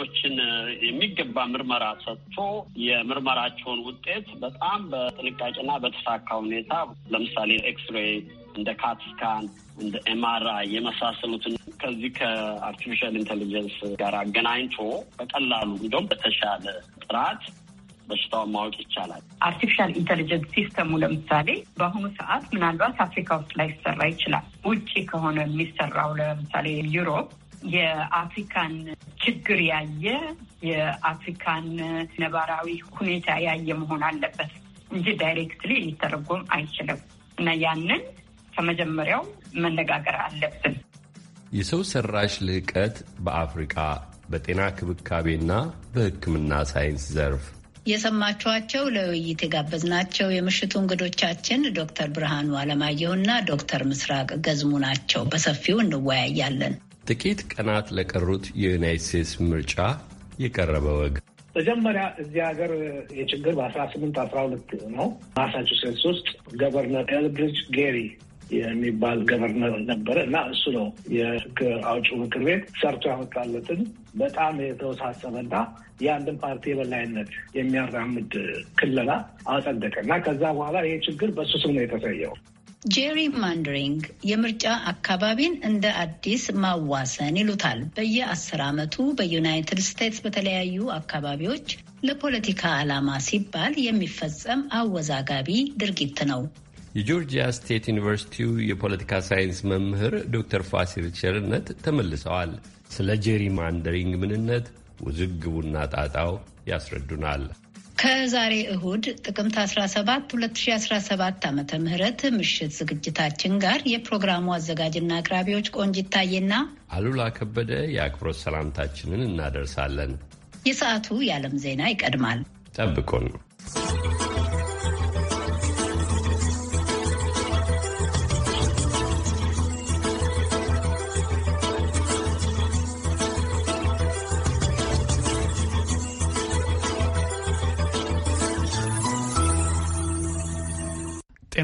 ተጠርጣሪዎችን የሚገባ ምርመራ ሰጥቶ የምርመራቸውን ውጤት በጣም በጥንቃቄና በተሳካ ሁኔታ ለምሳሌ ኤክስሬ እንደ ካትስካን እንደ ኤምአራ የመሳሰሉትን ከዚህ ከአርቲፊሻል ኢንቴሊጀንስ ጋር አገናኝቶ በቀላሉ እንዲሁም በተሻለ ጥራት በሽታውን ማወቅ ይቻላል። አርቲፊሻል ኢንቴሊጀንስ ሲስተሙ ለምሳሌ በአሁኑ ሰዓት ምናልባት አፍሪካ ውስጥ ላይ ይሰራ ይችላል። ውጭ ከሆነ የሚሰራው ለምሳሌ ዩሮፕ የአፍሪካን ችግር ያየ የአፍሪካን ነባራዊ ሁኔታ ያየ መሆን አለበት እንጂ ዳይሬክትሊ ሊተረጎም አይችልም እና ያንን ከመጀመሪያው መነጋገር አለብን። የሰው ሰራሽ ልዕቀት በአፍሪቃ በጤና ክብካቤና በሕክምና ሳይንስ ዘርፍ የሰማችኋቸው ለውይይት የጋበዝናቸው የምሽቱ እንግዶቻችን ዶክተር ብርሃኑ አለማየሁና ዶክተር ምስራቅ ገዝሙ ናቸው። በሰፊው እንወያያለን። ጥቂት ቀናት ለቀሩት የዩናይት ስቴትስ ምርጫ የቀረበ ወግ መጀመሪያ እዚህ ሀገር የችግር በአስራ ስምንት አስራ ሁለት ነው። ማሳቹሴትስ ውስጥ ገቨርነር ኤልብሪጅ ጌሪ የሚባል ገቨርነር ነበረ እና እሱ ነው የህግ አውጭ ምክር ቤት ሰርቶ ያመጣለትን በጣም የተወሳሰበና የአንድን ፓርቲ የበላይነት የሚያራምድ ክለላ አጸደቀ እና ከዛ በኋላ ይህ ችግር በእሱ ስም ነው የተሰየው። ጄሪ ማንደሪንግ የምርጫ አካባቢን እንደ አዲስ ማዋሰን ይሉታል። በየአስር ዓመቱ በዩናይትድ ስቴትስ በተለያዩ አካባቢዎች ለፖለቲካ ዓላማ ሲባል የሚፈጸም አወዛጋቢ ድርጊት ነው። የጆርጂያ ስቴት ዩኒቨርሲቲው የፖለቲካ ሳይንስ መምህር ዶክተር ፋሲል ቸርነት ተመልሰዋል። ስለ ጄሪ ማንደሪንግ ምንነት ውዝግቡና ጣጣው ያስረዱናል። ከዛሬ እሁድ ጥቅምት 17 2017 ዓ ምህረት ምሽት ዝግጅታችን ጋር የፕሮግራሙ አዘጋጅና አቅራቢዎች ቆንጅ ይታየና አሉላ ከበደ የአክብሮት ሰላምታችንን እናደርሳለን። የሰዓቱ የዓለም ዜና ይቀድማል። ጠብቁን።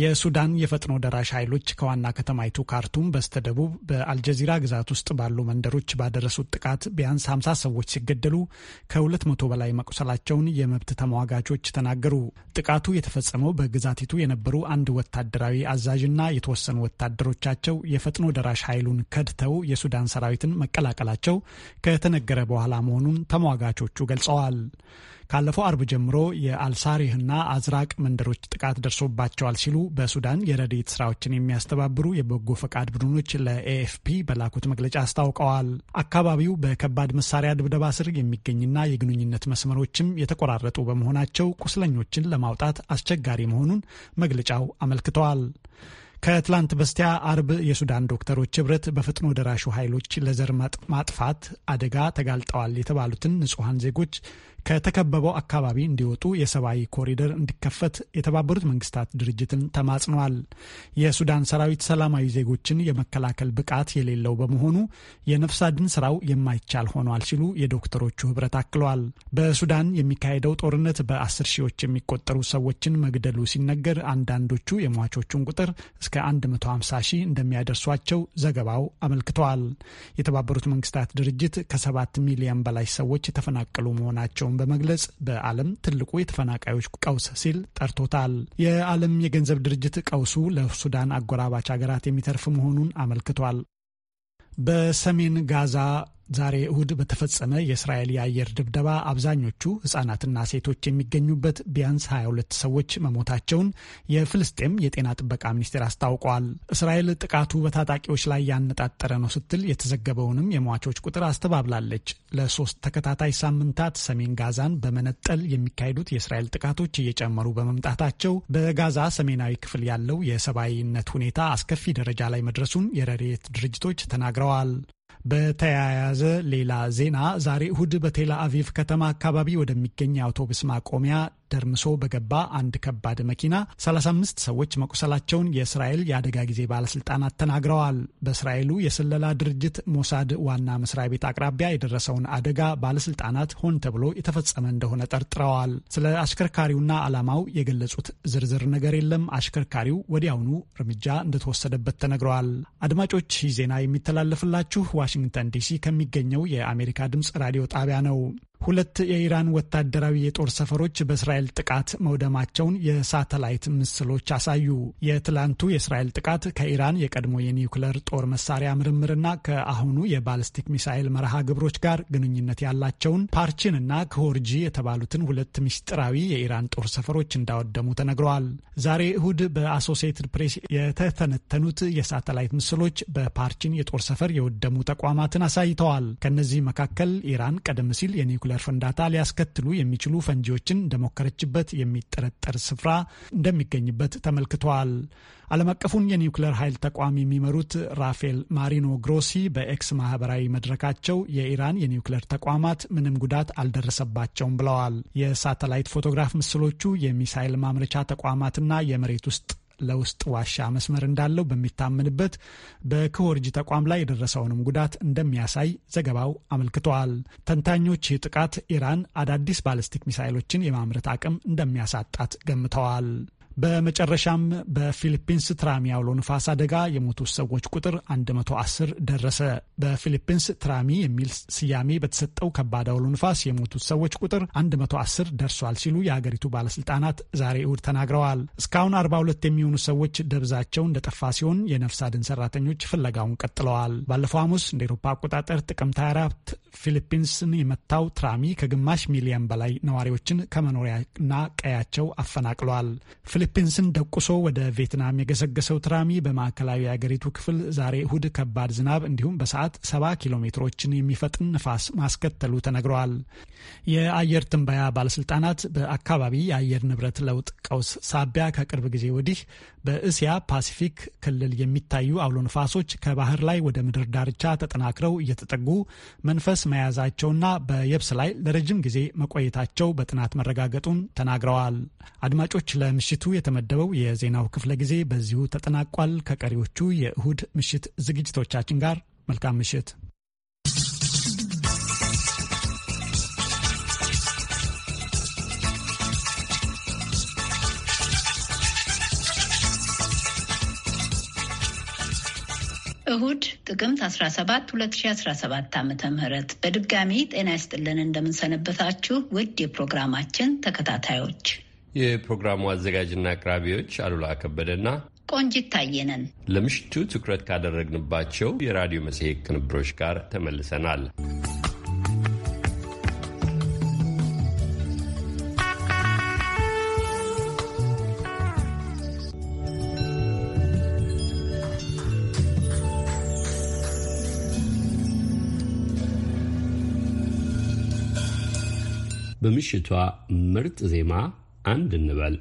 የሱዳን የፈጥኖ ደራሽ ኃይሎች ከዋና ከተማይቱ ካርቱም በስተደቡብ በአልጀዚራ ግዛት ውስጥ ባሉ መንደሮች ባደረሱት ጥቃት ቢያንስ 50 ሰዎች ሲገደሉ ከ200 በላይ መቁሰላቸውን የመብት ተሟጋቾች ተናገሩ። ጥቃቱ የተፈጸመው በግዛቲቱ የነበሩ አንድ ወታደራዊ አዛዥና የተወሰኑ ወታደሮቻቸው የፈጥኖ ደራሽ ኃይሉን ከድተው የሱዳን ሰራዊትን መቀላቀላቸው ከተነገረ በኋላ መሆኑን ተሟጋቾቹ ገልጸዋል። ካለፈው አርብ ጀምሮ የአልሳሪህና አዝራቅ መንደሮች ጥቃት ደርሶባቸዋል ሲሉ በሱዳን የረድኤት ስራዎችን የሚያስተባብሩ የበጎ ፈቃድ ቡድኖች ለኤኤፍፒ በላኩት መግለጫ አስታውቀዋል። አካባቢው በከባድ መሳሪያ ድብደባ ስር የሚገኝና የግንኙነት መስመሮችም የተቆራረጡ በመሆናቸው ቁስለኞችን ለማውጣት አስቸጋሪ መሆኑን መግለጫው አመልክተዋል። ከትላንት በስቲያ አርብ የሱዳን ዶክተሮች ህብረት በፍጥኖ ደራሹ ኃይሎች ለዘር ማጥፋት አደጋ ተጋልጠዋል የተባሉትን ንጹሐን ዜጎች ከተከበበው አካባቢ እንዲወጡ የሰብአዊ ኮሪደር እንዲከፈት የተባበሩት መንግስታት ድርጅትን ተማጽነዋል። የሱዳን ሰራዊት ሰላማዊ ዜጎችን የመከላከል ብቃት የሌለው በመሆኑ የነፍስ አድን ስራው የማይቻል ሆኗል ሲሉ የዶክተሮቹ ህብረት አክለዋል። በሱዳን የሚካሄደው ጦርነት በአስር ሺዎች የሚቆጠሩ ሰዎችን መግደሉ ሲነገር አንዳንዶቹ የሟቾቹን ቁጥር እስከ 150 ሺህ እንደሚያደርሷቸው ዘገባው አመልክተዋል። የተባበሩት መንግስታት ድርጅት ከሰባት ሚሊዮን በላይ ሰዎች የተፈናቀሉ መሆናቸው መሆናቸውን በመግለጽ በዓለም ትልቁ የተፈናቃዮች ቀውስ ሲል ጠርቶታል። የዓለም የገንዘብ ድርጅት ቀውሱ ለሱዳን አጎራባች ሀገራት የሚተርፍ መሆኑን አመልክቷል። በሰሜን ጋዛ ዛሬ እሁድ በተፈጸመ የእስራኤል የአየር ድብደባ አብዛኞቹ ህጻናትና ሴቶች የሚገኙበት ቢያንስ 22 ሰዎች መሞታቸውን የፍልስጤም የጤና ጥበቃ ሚኒስቴር አስታውቀዋል። እስራኤል ጥቃቱ በታጣቂዎች ላይ ያነጣጠረ ነው ስትል የተዘገበውንም የሟቾች ቁጥር አስተባብላለች። ለሶስት ተከታታይ ሳምንታት ሰሜን ጋዛን በመነጠል የሚካሄዱት የእስራኤል ጥቃቶች እየጨመሩ በመምጣታቸው በጋዛ ሰሜናዊ ክፍል ያለው የሰብአዊነት ሁኔታ አስከፊ ደረጃ ላይ መድረሱን የረድኤት ድርጅቶች ተናግረዋል። በተያያዘ ሌላ ዜና ዛሬ እሁድ በቴላ አቪቭ ከተማ አካባቢ ወደሚገኝ የአውቶቡስ ማቆሚያ ደርምሶ በገባ አንድ ከባድ መኪና 35 ሰዎች መቁሰላቸውን የእስራኤል የአደጋ ጊዜ ባለስልጣናት ተናግረዋል። በእስራኤሉ የስለላ ድርጅት ሞሳድ ዋና መስሪያ ቤት አቅራቢያ የደረሰውን አደጋ ባለስልጣናት ሆን ተብሎ የተፈጸመ እንደሆነ ጠርጥረዋል። ስለ አሽከርካሪውና ዓላማው የገለጹት ዝርዝር ነገር የለም። አሽከርካሪው ወዲያውኑ እርምጃ እንደተወሰደበት ተነግረዋል። አድማጮች ይህ ዜና የሚተላለፍላችሁ ዋሽንግተን ዲሲ ከሚገኘው የአሜሪካ ድምፅ ራዲዮ ጣቢያ ነው። ሁለት የኢራን ወታደራዊ የጦር ሰፈሮች በእስራኤል ጥቃት መውደማቸውን የሳተላይት ምስሎች አሳዩ። የትላንቱ የእስራኤል ጥቃት ከኢራን የቀድሞ የኒውክለር ጦር መሳሪያ ምርምርና ከአሁኑ የባልስቲክ ሚሳኤል መርሃ ግብሮች ጋር ግንኙነት ያላቸውን ፓርቺን እና ክሆርጂ የተባሉትን ሁለት ምስጢራዊ የኢራን ጦር ሰፈሮች እንዳወደሙ ተነግረዋል። ዛሬ እሁድ በአሶሲየትድ ፕሬስ የተተነተኑት የሳተላይት ምስሎች በፓርቺን የጦር ሰፈር የወደሙ ተቋማትን አሳይተዋል። ከነዚህ መካከል ኢራን ቀደም ሲል የኒውክለር የኒውክሌር ፍንዳታ ሊያስከትሉ የሚችሉ ፈንጂዎችን እንደሞከረችበት የሚጠረጠር ስፍራ እንደሚገኝበት ተመልክተዋል። ዓለም አቀፉን የኒውክሌር ኃይል ተቋም የሚመሩት ራፋኤል ማሪኖ ግሮሲ በኤክስ ማህበራዊ መድረካቸው የኢራን የኒውክሌር ተቋማት ምንም ጉዳት አልደረሰባቸውም ብለዋል። የሳተላይት ፎቶግራፍ ምስሎቹ የሚሳይል ማምረቻ ተቋማትና የመሬት ውስጥ ለውስጥ ዋሻ መስመር እንዳለው በሚታመንበት በክወርጅ ተቋም ላይ የደረሰውንም ጉዳት እንደሚያሳይ ዘገባው አመልክተዋል። ተንታኞች ይህ ጥቃት ኢራን አዳዲስ ባለስቲክ ሚሳይሎችን የማምረት አቅም እንደሚያሳጣት ገምተዋል። በመጨረሻም በፊሊፒንስ ትራሚ አውሎ ንፋስ አደጋ የሞቱ ሰዎች ቁጥር 110 ደረሰ። በፊሊፒንስ ትራሚ የሚል ስያሜ በተሰጠው ከባድ አውሎ ንፋስ የሞቱት ሰዎች ቁጥር 110 ደርሷል ሲሉ የሀገሪቱ ባለስልጣናት ዛሬ እሁድ ተናግረዋል። እስካሁን 42 የሚሆኑ ሰዎች ደብዛቸው እንደጠፋ ሲሆን የነፍስ አድን ሰራተኞች ፍለጋውን ቀጥለዋል። ባለፈው ሐሙስ እንደ ኤሮፓ አቆጣጠር ጥቅምት 24 ፊሊፒንስን የመታው ትራሚ ከግማሽ ሚሊዮን በላይ ነዋሪዎችን ከመኖሪያና ቀያቸው አፈናቅሏል። ፊሊፒንስን ደቁሶ ወደ ቪየትናም የገሰገሰው ትራሚ በማዕከላዊ የአገሪቱ ክፍል ዛሬ እሁድ ከባድ ዝናብ እንዲሁም በሰዓት 70 ኪሎ ሜትሮችን የሚፈጥን ንፋስ ማስከተሉ ተነግረዋል። የአየር ትንበያ ባለስልጣናት በአካባቢ የአየር ንብረት ለውጥ ቀውስ ሳቢያ ከቅርብ ጊዜ ወዲህ በእስያ ፓሲፊክ ክልል የሚታዩ አውሎ ንፋሶች ከባህር ላይ ወደ ምድር ዳርቻ ተጠናክረው እየተጠጉ መንፈስ መያዛቸውና በየብስ ላይ ለረጅም ጊዜ መቆየታቸው በጥናት መረጋገጡን ተናግረዋል። አድማጮች ለምሽቱ የተመደበው የዜናው ክፍለ ጊዜ በዚሁ ተጠናቋል። ከቀሪዎቹ የእሁድ ምሽት ዝግጅቶቻችን ጋር መልካም ምሽት። እሁድ ጥቅምት 17 2017 ዓ ም በድጋሚ ጤና ይስጥልን እንደምንሰነበታችሁ ውድ የፕሮግራማችን ተከታታዮች የፕሮግራሙ አዘጋጅና አቅራቢዎች አሉላ ከበደና ቆንጅ ታየነን ለምሽቱ ትኩረት ካደረግንባቸው የራዲዮ መጽሔት ቅንብሮች ጋር ተመልሰናል። በምሽቷ ምርጥ ዜማ አንድ እንበል።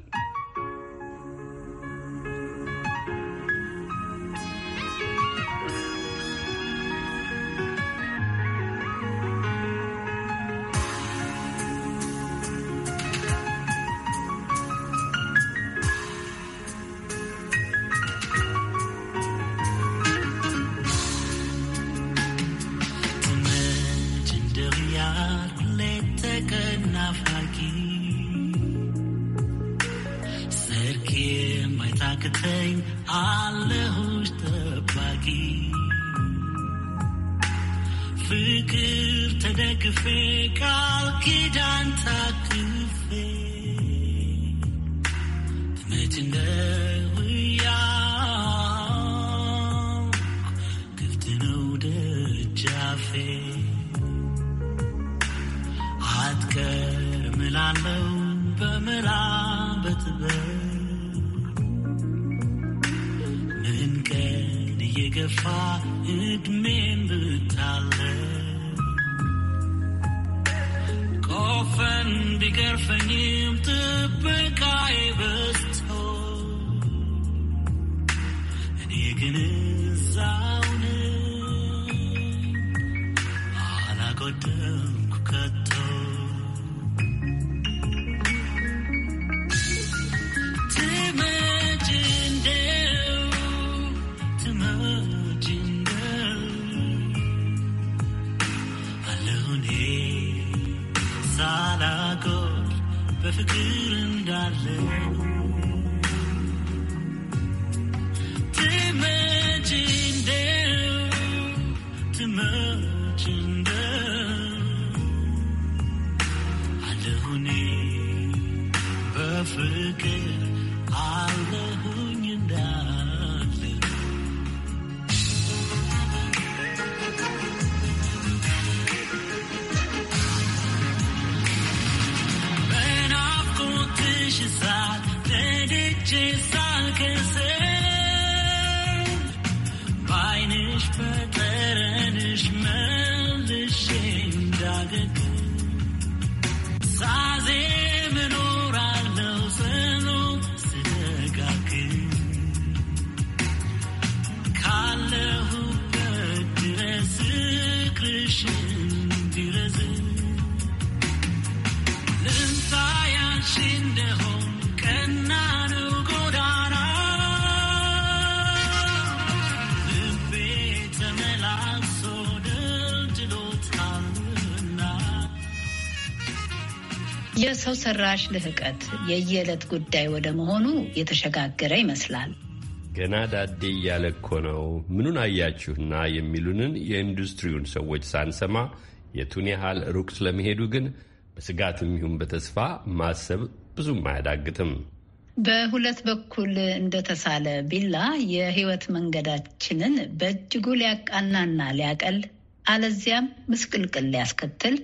ፍቅር ተደግፌ ቃል ኪዳን ታቅፌ ክፍት ነው ደጃፌ አትቀርም እላለሁ በምራ በትበት if I could mend the tallet. Coffin, big girlfriend, him to break I was told. And perfect good and godly. ሰው ሰራሽ ልህቀት የየዕለት ጉዳይ ወደ መሆኑ የተሸጋገረ ይመስላል። ገና ዳዴ እያለ እኮ ነው ምኑን አያችሁና የሚሉንን የኢንዱስትሪውን ሰዎች ሳንሰማ የቱን ያህል ሩቅ ስለመሄዱ ግን በስጋትም ይሁን በተስፋ ማሰብ ብዙም አያዳግትም። በሁለት በኩል እንደተሳለ ቢላ የህይወት መንገዳችንን በእጅጉ ሊያቃናና ሊያቀል አለዚያም ምስቅልቅል ሊያስከትል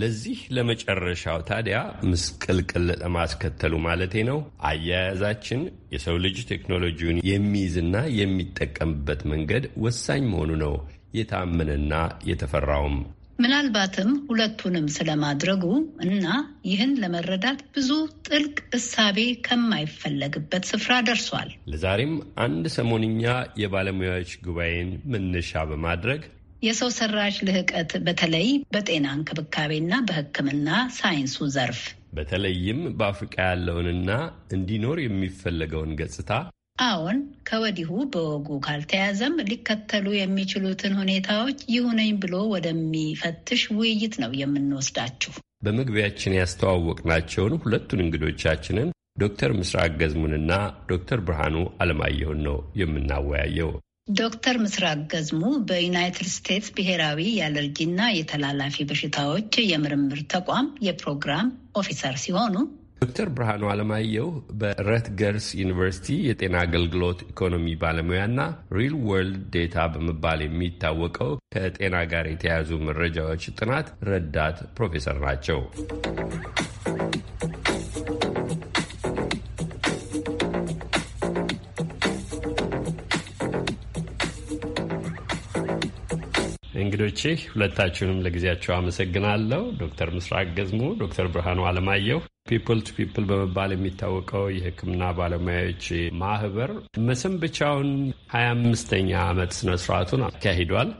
ለዚህ ለመጨረሻው ታዲያ ምስቅልቅል ለማስከተሉ ማለቴ ነው። አያያዛችን የሰው ልጅ ቴክኖሎጂውን የሚይዝና የሚጠቀምበት መንገድ ወሳኝ መሆኑ ነው የታመነና የተፈራውም። ምናልባትም ሁለቱንም ስለማድረጉ እና ይህን ለመረዳት ብዙ ጥልቅ እሳቤ ከማይፈለግበት ስፍራ ደርሷል። ለዛሬም አንድ ሰሞንኛ የባለሙያዎች ጉባኤን መነሻ በማድረግ የሰው ሰራሽ ልህቀት በተለይ በጤና እንክብካቤና በሕክምና ሳይንሱ ዘርፍ በተለይም በአፍሪቃ ያለውንና እንዲኖር የሚፈለገውን ገጽታ አዎን፣ ከወዲሁ በወጉ ካልተያዘም ሊከተሉ የሚችሉትን ሁኔታዎች ይሁነኝ ብሎ ወደሚፈትሽ ውይይት ነው የምንወስዳችሁ። በመግቢያችን ያስተዋወቅናቸውን ሁለቱን እንግዶቻችንን ዶክተር ምስራቅ ገዝሙንና ዶክተር ብርሃኑ አለማየሁን ነው የምናወያየው። ዶክተር ምስራቅ ገዝሙ በዩናይትድ ስቴትስ ብሔራዊ የአለርጂና የተላላፊ በሽታዎች የምርምር ተቋም የፕሮግራም ኦፊሰር ሲሆኑ ዶክተር ብርሃኑ አለማየሁ በረትገርስ ዩኒቨርሲቲ የጤና አገልግሎት ኢኮኖሚ ባለሙያና ሪል ወርልድ ዴታ በመባል የሚታወቀው ከጤና ጋር የተያያዙ መረጃዎች ጥናት ረዳት ፕሮፌሰር ናቸው። እንግዶቼ ሁለታችሁንም ለጊዜያቸው አመሰግናለሁ። ዶክተር ምስራቅ ገዝሙ፣ ዶክተር ብርሃኑ አለማየሁ ፒፕል ቱ ፒፕል በመባል የሚታወቀው የሕክምና ባለሙያዎች ማህበር መሰንበቻውን ሀያ አምስተኛ ዓመት ስነስርዓቱን አካሂዷል።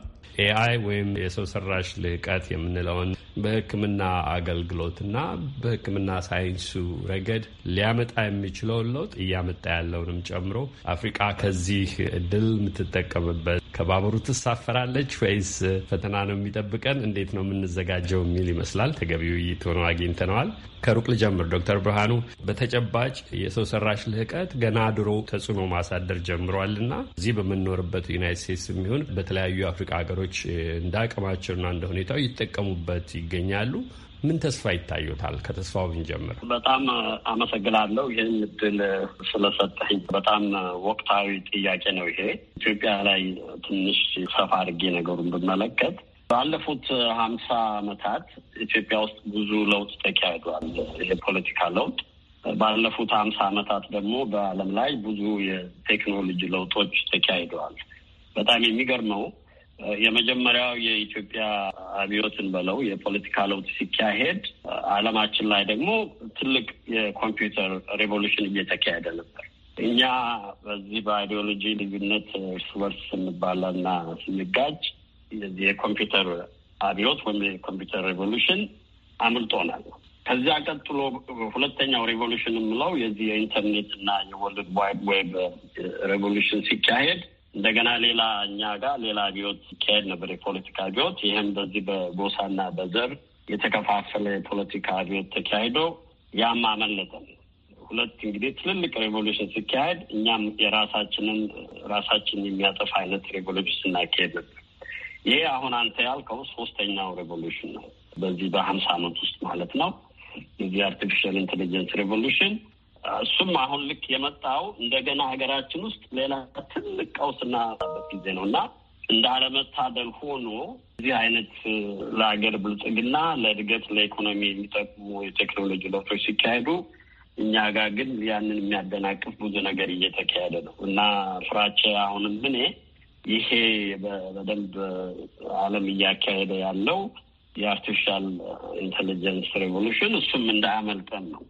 ኤአይ ወይም የሰው ሰራሽ ልህቀት የምንለውን በሕክምና አገልግሎትና በሕክምና ሳይንሱ ረገድ ሊያመጣ የሚችለውን ለውጥ እያመጣ ያለውንም ጨምሮ አፍሪቃ ከዚህ እድል የምትጠቀምበት ከባቡሩ ትሳፈራለች ወይስ ፈተና ነው የሚጠብቀን? እንዴት ነው የምንዘጋጀው? የሚል ይመስላል ተገቢ ውይይት ሆኖ አግኝተነዋል። ከሩቅ ልጀምር። ዶክተር ብርሃኑ በተጨባጭ የሰው ሰራሽ ልህቀት ገና ድሮ ተጽዕኖ ማሳደር ጀምሯልና እዚህ በምንኖርበት ዩናይት ስቴትስ የሚሆን በተለያዩ አፍሪቃ ሀገሮች ሰዎች eh, እንደ አቅማቸውና እንደ ሁኔታው ይጠቀሙበት ይገኛሉ። ምን ተስፋ ይታዩታል? ከተስፋው ብንጀምር። በጣም አመሰግናለሁ ይህን እድል ስለሰጠኝ። በጣም ወቅታዊ ጥያቄ ነው ይሄ። ኢትዮጵያ ላይ ትንሽ ሰፋ አድርጌ ነገሩን ብመለከት ባለፉት ሀምሳ አመታት ኢትዮጵያ ውስጥ ብዙ ለውጥ ተካሂዷል። ይሄ ፖለቲካ ለውጥ ባለፉት ሀምሳ ዓመታት ደግሞ በዓለም ላይ ብዙ የቴክኖሎጂ ለውጦች ተካሂደዋል። በጣም የሚገርመው የመጀመሪያው የኢትዮጵያ አብዮትን በለው የፖለቲካ ለውጥ ሲካሄድ ዓለማችን ላይ ደግሞ ትልቅ የኮምፒውተር ሬቮሉሽን እየተካሄደ ነበር። እኛ በዚህ በአይዲዮሎጂ ልዩነት እርስ በርስ ስንባላና ስንጋጭ የዚህ የኮምፒውተር አብዮት ወይም የኮምፒውተር ሬቮሉሽን አምልጦናል። ከዚያ ቀጥሎ ሁለተኛው ሬቮሉሽን የምለው የዚህ የኢንተርኔት እና የወርልድ ዋይድ ዌብ ሬቮሉሽን ሲካሄድ እንደገና ሌላ እኛ ጋር ሌላ አብዮት ይካሄድ ነበር፣ የፖለቲካ አብዮት። ይህም በዚህ በጎሳና በዘር የተከፋፈለ የፖለቲካ አብዮት ተካሂዶ ያም አመለጠን። ሁለት እንግዲህ ትልልቅ ሬቮሉሽን ሲካሄድ እኛም የራሳችንን ራሳችን የሚያጠፋ አይነት ሬቮሉሽን ስናካሄድ ነበር። ይሄ አሁን አንተ ያልከው ሶስተኛው ሬቮሉሽን ነው፣ በዚህ በሀምሳ አመት ውስጥ ማለት ነው። የዚህ አርቲፊሻል ኢንቴሊጀንስ ሬቮሉሽን እሱም አሁን ልክ የመጣው እንደገና ሀገራችን ውስጥ ሌላ ትልቅ ቀውስ እናጣበት ጊዜ ነው እና እንደ አለመታደል ሆኖ እዚህ አይነት ለሀገር ብልጽግና ለእድገት ለኢኮኖሚ የሚጠቅሙ የቴክኖሎጂ ለውጦች ሲካሄዱ እኛ ጋር ግን ያንን የሚያደናቅፍ ብዙ ነገር እየተካሄደ ነው እና ፍራቼ አሁንም ምን ይሄ በደንብ ዓለም እያካሄደ ያለው የአርቲፊሻል ኢንቴሊጀንስ ሬቮሉሽን እሱም እንዳያመልጠን ነው።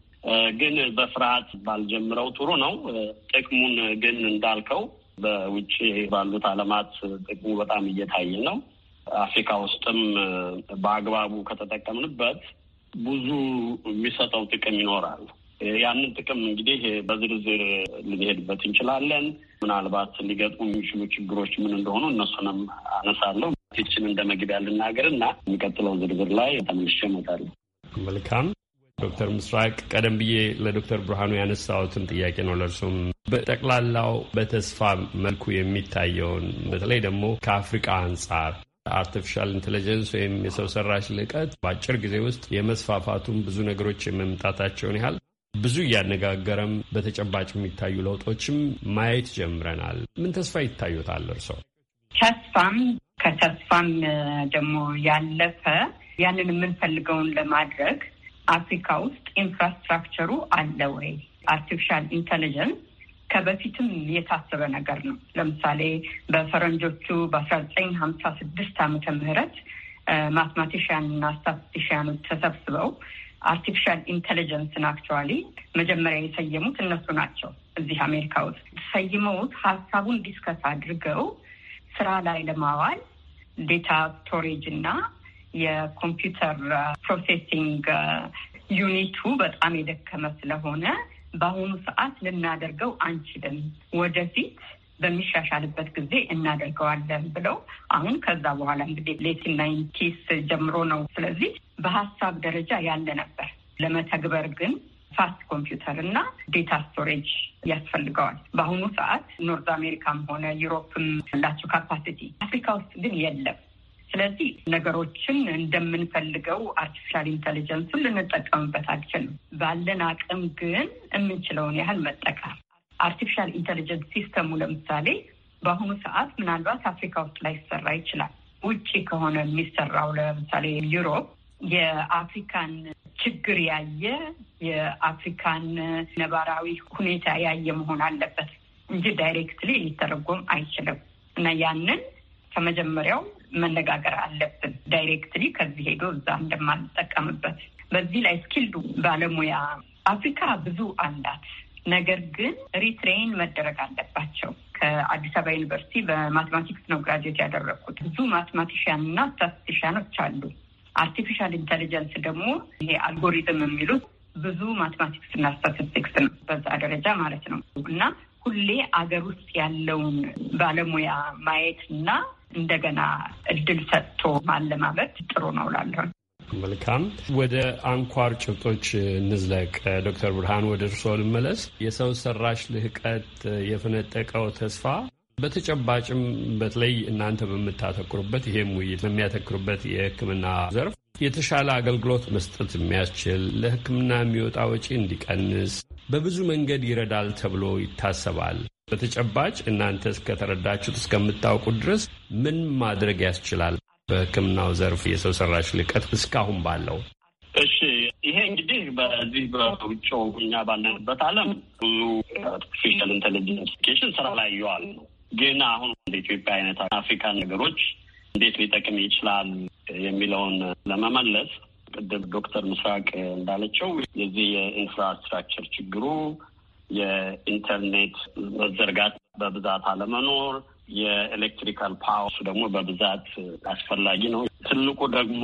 ግን በፍርሃት ባልጀምረው ጥሩ ነው። ጥቅሙን ግን እንዳልከው በውጭ ባሉት ዓለማት ጥቅሙ በጣም እየታየ ነው። አፍሪካ ውስጥም በአግባቡ ከተጠቀምንበት ብዙ የሚሰጠው ጥቅም ይኖራል። ያንን ጥቅም እንግዲህ በዝርዝር ልንሄድበት እንችላለን። ምናልባት ሊገጥሙ የሚችሉ ችግሮች ምን እንደሆኑ እነሱንም አነሳለሁ። ችን እንደ መግቢያ ልናገር እና የሚቀጥለው ዝርዝር ላይ ተመልሼ እመጣለሁ። መልካም ዶክተር ምስራቅ ቀደም ብዬ ለዶክተር ብርሃኑ ያነሳሁትን ጥያቄ ነው። ለእርሱም በጠቅላላው በተስፋ መልኩ የሚታየውን በተለይ ደግሞ ከአፍሪቃ አንጻር አርቲፊሻል ኢንቴሊጀንስ ወይም የሰው ሰራሽ ልቀት በአጭር ጊዜ ውስጥ የመስፋፋቱን ብዙ ነገሮች የመምጣታቸውን ያህል ብዙ እያነጋገረም በተጨባጭ የሚታዩ ለውጦችም ማየት ጀምረናል። ምን ተስፋ ይታዩታል እርሰው? ተስፋም ከተስፋም ደግሞ ያለፈ ያንን የምንፈልገውን ለማድረግ አፍሪካ ውስጥ ኢንፍራስትራክቸሩ አለ ወይ? አርቲፊሻል ኢንቴሊጀንስ ከበፊትም የታሰበ ነገር ነው። ለምሳሌ በፈረንጆቹ በአስራ ዘጠኝ ሀምሳ ስድስት ዓመተ ምህረት ማትማቲሽያን እና ስታቲስቲሽያኖች ተሰብስበው አርቲፊሻል ኢንቴሊጀንስን አክቹዋሊ መጀመሪያ የሰየሙት እነሱ ናቸው። እዚህ አሜሪካ ውስጥ ሰይመውት ሀሳቡን ዲስከስ አድርገው ስራ ላይ ለማዋል ዴታ ስቶሬጅ እና የኮምፒውተር ፕሮሴሲንግ uh, ዩኒቱ uh, በጣም የደከመ ስለሆነ በአሁኑ ሰዓት ልናደርገው አንችልም፣ ወደፊት በሚሻሻልበት ጊዜ እናደርገዋለን ብለው አሁን ከዛ በኋላ እንግዲህ ሌት ናይንቲስ ጀምሮ ነው። ስለዚህ በሀሳብ ደረጃ ያለ ነበር። ለመተግበር ግን ፋስት ኮምፒውተር እና ዴታ ስቶሬጅ ያስፈልገዋል። በአሁኑ ሰዓት ኖርዝ አሜሪካም ሆነ ዩሮፕም ያላቸው ካፓሲቲ አፍሪካ ውስጥ ግን የለም። ስለዚህ ነገሮችን እንደምንፈልገው አርቲፊሻል ኢንቴሊጀንሱን ልንጠቀምበት አልችልም። ባለን አቅም ግን የምንችለውን ያህል መጠቀም አርቲፊሻል ኢንቴሊጀንስ ሲስተሙ ለምሳሌ በአሁኑ ሰዓት ምናልባት አፍሪካ ውስጥ ላይ ይሰራ ይችላል። ውጭ ከሆነ የሚሰራው ለምሳሌ ዩሮፕ የአፍሪካን ችግር ያየ የአፍሪካን ነባራዊ ሁኔታ ያየ መሆን አለበት እንጂ ዳይሬክትሊ ሊተረጎም አይችልም እና ያንን ከመጀመሪያው መነጋገር አለብን። ዳይሬክትሊ ከዚህ ሄዶ እዛ እንደማንጠቀምበት በዚህ ላይ ስኪልዱ ባለሙያ አፍሪካ ብዙ አላት። ነገር ግን ሪትሬን መደረግ አለባቸው። ከአዲስ አበባ ዩኒቨርሲቲ በማትማቲክስ ነው ግራጁዌት ያደረግኩት። ብዙ ማትማቲሽያን እና ስታቲስቲሽያኖች አሉ። አርቲፊሻል ኢንቴሊጀንስ ደግሞ ይሄ አልጎሪዝም የሚሉት ብዙ ማትማቲክስ እና ስታቲስቲክስ ነው፣ በዛ ደረጃ ማለት ነው እና ሁሌ አገር ውስጥ ያለውን ባለሙያ ማየት እና እንደገና እድል ሰጥቶ ማለማመድ ጥሩ ነው እላለሁ። መልካም ወደ አንኳር ጭብጦች እንዝለቅ። ዶክተር ብርሃን ወደ እርስዎ ልመለስ። የሰው ሰራሽ ልህቀት የፈነጠቀው ተስፋ በተጨባጭም በተለይ እናንተ በምታተኩሩበት ይሄም ውይይት በሚያተኩሩበት የሕክምና ዘርፍ የተሻለ አገልግሎት መስጠት የሚያስችል ለሕክምና የሚወጣ ወጪ እንዲቀንስ በብዙ መንገድ ይረዳል ተብሎ ይታሰባል። በተጨባጭ እናንተ እስከተረዳችሁት እስከምታውቁት ድረስ ምን ማድረግ ያስችላል? በሕክምናው ዘርፍ የሰው ሰራሽ ልቀት እስካሁን ባለው። እሺ፣ ይሄ እንግዲህ በዚህ በውጭው እኛ ባለንበት ዓለም ብዙ አርቲፊሻል ኢንቴሊጀንስ ስራ ላይ ይዋል ነው። ግን አሁን እንደ ኢትዮጵያ አይነት አፍሪካ ነገሮች እንዴት ሊጠቅም ይችላል የሚለውን ለመመለስ ቅድም ዶክተር ምስራቅ እንዳለችው የዚህ የኢንፍራስትራክቸር ችግሩ የኢንተርኔት መዘርጋት በብዛት አለመኖር፣ የኤሌክትሪካል ፓወር ደግሞ በብዛት አስፈላጊ ነው። ትልቁ ደግሞ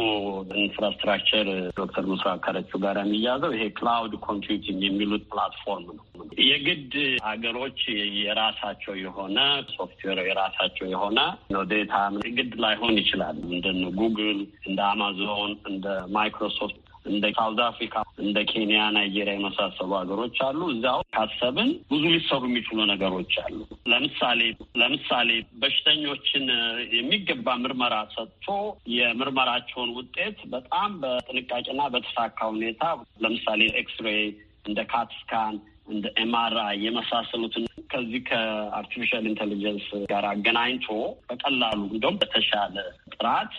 ኢንፍራስትራክቸር ዶክተር ምስራቅ ከረችው ጋር የሚያዘው ይሄ ክላውድ ኮምፒውቲንግ የሚሉት ፕላትፎርም ነው። የግድ ሀገሮች የራሳቸው የሆነ ሶፍትዌር የራሳቸው የሆነ ዴታ ግድ ላይሆን ይችላል። እንደ ጉግል፣ እንደ አማዞን፣ እንደ ማይክሮሶፍት እንደ ሳውዝ አፍሪካ፣ እንደ ኬንያ፣ ናይጄሪያ የመሳሰሉ ሀገሮች አሉ። እዚያው ካሰብን ብዙ ሊሰሩ የሚችሉ ነገሮች አሉ። ለምሳሌ ለምሳሌ በሽተኞችን የሚገባ ምርመራ ሰጥቶ የምርመራቸውን ውጤት በጣም በጥንቃቄና በተሳካ ሁኔታ ለምሳሌ ኤክስሬይ እንደ ካትስካን እንደ ኤምአርአይ የመሳሰሉትን ከዚህ ከአርቲፊሻል ኢንቴሊጀንስ ጋር አገናኝቶ በቀላሉ እንደውም በተሻለ ጥራት